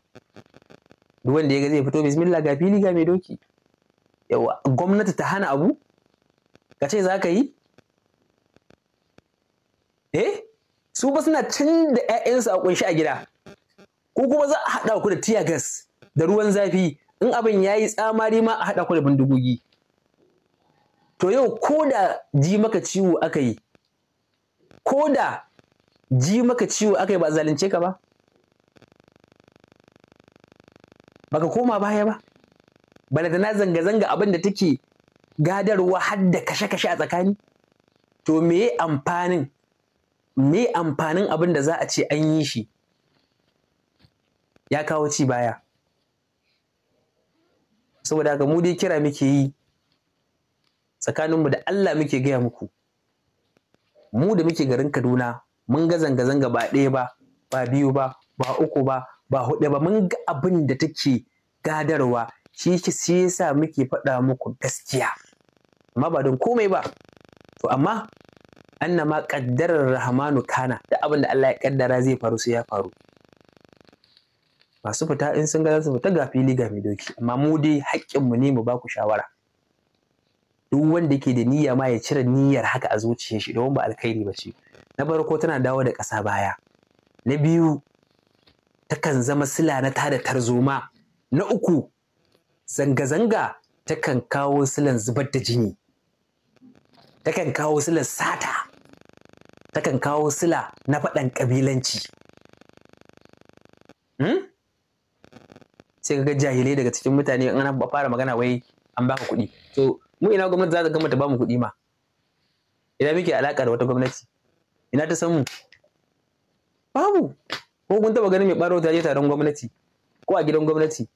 duk wanda ya ga zai fito bismillah ga fili ga mai doki yawa gwamnati ta hana abu ka ce za ka yi eh su ba suna can da 'ya'yansu a kunshi a gida ko kuma za a haɗa ku da tiyagas gas da ruwan zafi in abin ya yi tsamari ma a haɗa ku da bindigogi to yau ko da ji maka ciwo aka yi ko da ji maka ciwo aka yi ba zalunce ka ba baka koma baya ba da na zanga-zanga abin da take gadarwa har da kashe-kashe a tsakani to me amfanin me amfanin abin da za a ce an yi shi ya kawo ci baya saboda ga mu dai kira muke yi tsakaninmu da Allah muke gaya muku mu da muke garin Kaduna mun ga zanga-zanga ba ɗaya ba ba biyu ba ba uku ba ba hudu ba mun ga abin da take gadarwa shi shi yasa muke faɗa muku gaskiya amma ba don komai ba to amma annama kaddarar rahmanu kana da abin da Allah ya kaddara zai faru sai ya faru masu fita in sun ga za su fita ga fili ga mai doki amma mu dai haƙƙinmu ne mu ba ku shawara duk wanda yake da niyya ma ya cire niyyar haka a zuciyar shi domin ba alkhairi ba ce na farko tana dawo da ƙasa baya na biyu takan zama sila na tada tarzoma na uku zanga-zanga takan kawo silan zubar da jini takan kawo sila sata takan kawo sila na faɗan ƙabilanci hmm? sai ga jahilai daga cikin mutane in ana fara magana wai an baka kuɗi to mu ina gwamnati za ta gama ta bamu kuɗi ma ina muke alaƙa da wata gwamnati ina ta samu babu ko kun taɓa ganin mai ɓaro ta je taron gwamnati ko a gidan gwamnati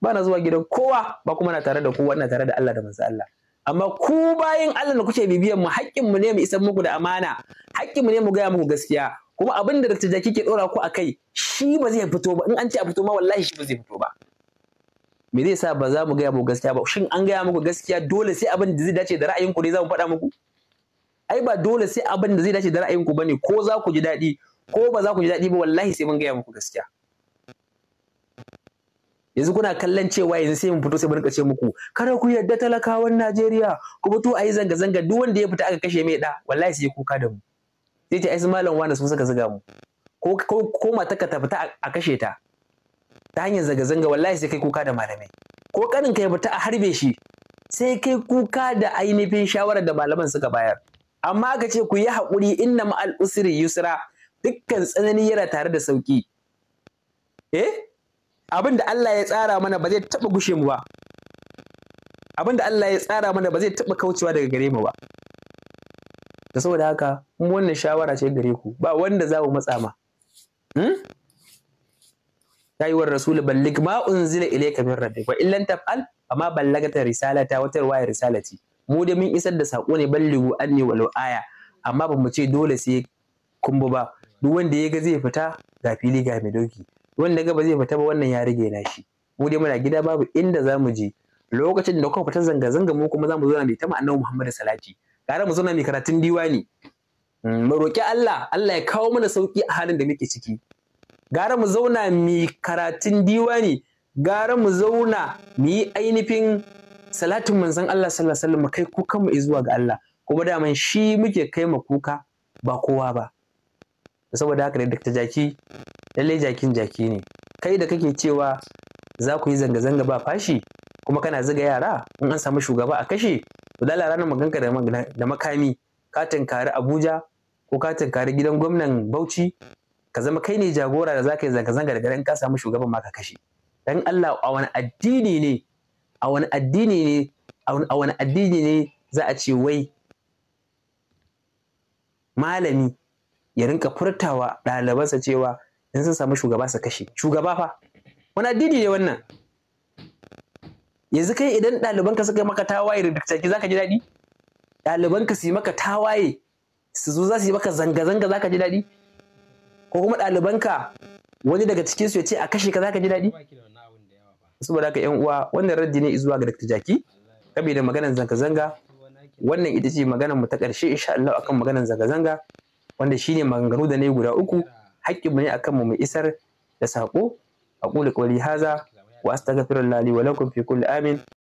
ba na zuwa gidan kowa ba kuma na tare da kowa na tare da Allah da manzo Allah amma ku bayin Allah da kuke bibiyan mu haƙƙin mu ne mu isar muku da amana haƙƙin mu ne mu gaya muku gaskiya kuma abin da Dr. Jaki ke dora ku akai shi ba zai fito ba in an ce a fito ma wallahi shi ba zai fito ba me zai sa ba za mu gaya muku gaskiya ba shin an gaya muku gaskiya dole sai abin da zai dace da ra'ayinku ne za mu faɗa muku ai ba dole sai abin da zai dace da ra'ayinku bane ko za ku ji daɗi ko ba za ku ji daɗi ba wallahi sai mun gaya muku gaskiya yanzu kuna kallon cewa yanzu sai mun fito sai mun rinka ce muku kada ku yarda talakawan Najeriya ku fito a yi zanga zanga duk wanda ya fita aka kashe mai da wallahi sai kuka da mu sai ta su malam wanda su suka zuga mu ko ko ko matarka ta fita a kashe ta ta hanyar zanga zanga wallahi sai kai kuka da malamai ko kanin ka ya fita a harbe shi sai kai kuka da ainihin shawarar da malaman suka bayar amma aka ce ku yi haƙuri inna ma'al usri yusra dukkan tsanani yana tare da sauki eh abin da Allah ya tsara mana ba zai taɓa gushe mu ba abin da Allah ya tsara mana ba zai taɓa kaucewa daga gare mu ba da saboda haka kuma wannan shawara ce gare ku ba wanda za mu matsa ma tayuwar hmm? rasul ballig ma unzila ilayka min rabbik wa illan taf'al amma ballagata ta, wata risala risalati mu da mun isar da sako ne balligu anni walau aya amma ba mu ce dole sai kumbu ba duk wanda ya ga zai fita ga fili ga mai doki wanda ga ba zai fita ba wannan ya rage na shi mu dai muna gida babu inda za mu je lokacin da kuka fita zanga-zanga mu kuma za mu zauna mai ta annabi Muhammad salati gara mu zauna mai karatun diwani mm, mu roki Allah Allah ya kawo mana sauki a halin da muke ciki gara mu zauna mai karatun diwani gara mu zauna mu yi ainihin salatin manzon Allah sallallahu alaihi wasallam kai kuka mu zuwa ga Allah kuma daman shi muke kai ma kuka ba kowa ba saboda haka ne dakta jaki lallai jakin jaki ne kai da kake cewa za ku yi zanga-zanga ba fashi kuma kana ziga yara in an samu shugaba a kashe to dala ranar maganka da makami ka tunkari abuja ko ka tunkari gidan gwamnan bauchi ka zama kai ne jagora da za ka yi zanga-zanga daga in ka samu shugaban ma ka kashe dan allah a wani addini ne a wani addini ne a wani addini ne za a ce wai malami ya rinka furtawa ɗalibansa cewa in sun samu shugaba su kashe shugaba fa wani addini ne wannan yanzu kai idan ɗalibanka suka maka tawaye da daktaki zaka ji daɗi ɗalibanka su yi maka tawaye su zo za su yi maka zanga-zanga zaka ji daɗi ko kuma ɗalibanka wani daga cikin su ya ce a kashe ka zaka ji daɗi saboda haka yan uwa wannan raddi ne zuwa ga dakta Jaki kabe da maganar zanga-zanga wannan ita ce maganar mu ta ƙarshe insha Allah akan maganar zanga-zanga wanda shine maganganu da ne guda uku haƙƙi ne akan mu mai isar da saƙo aqulu qawli hadha wa astaghfirullahi wa lakum fi kulli amin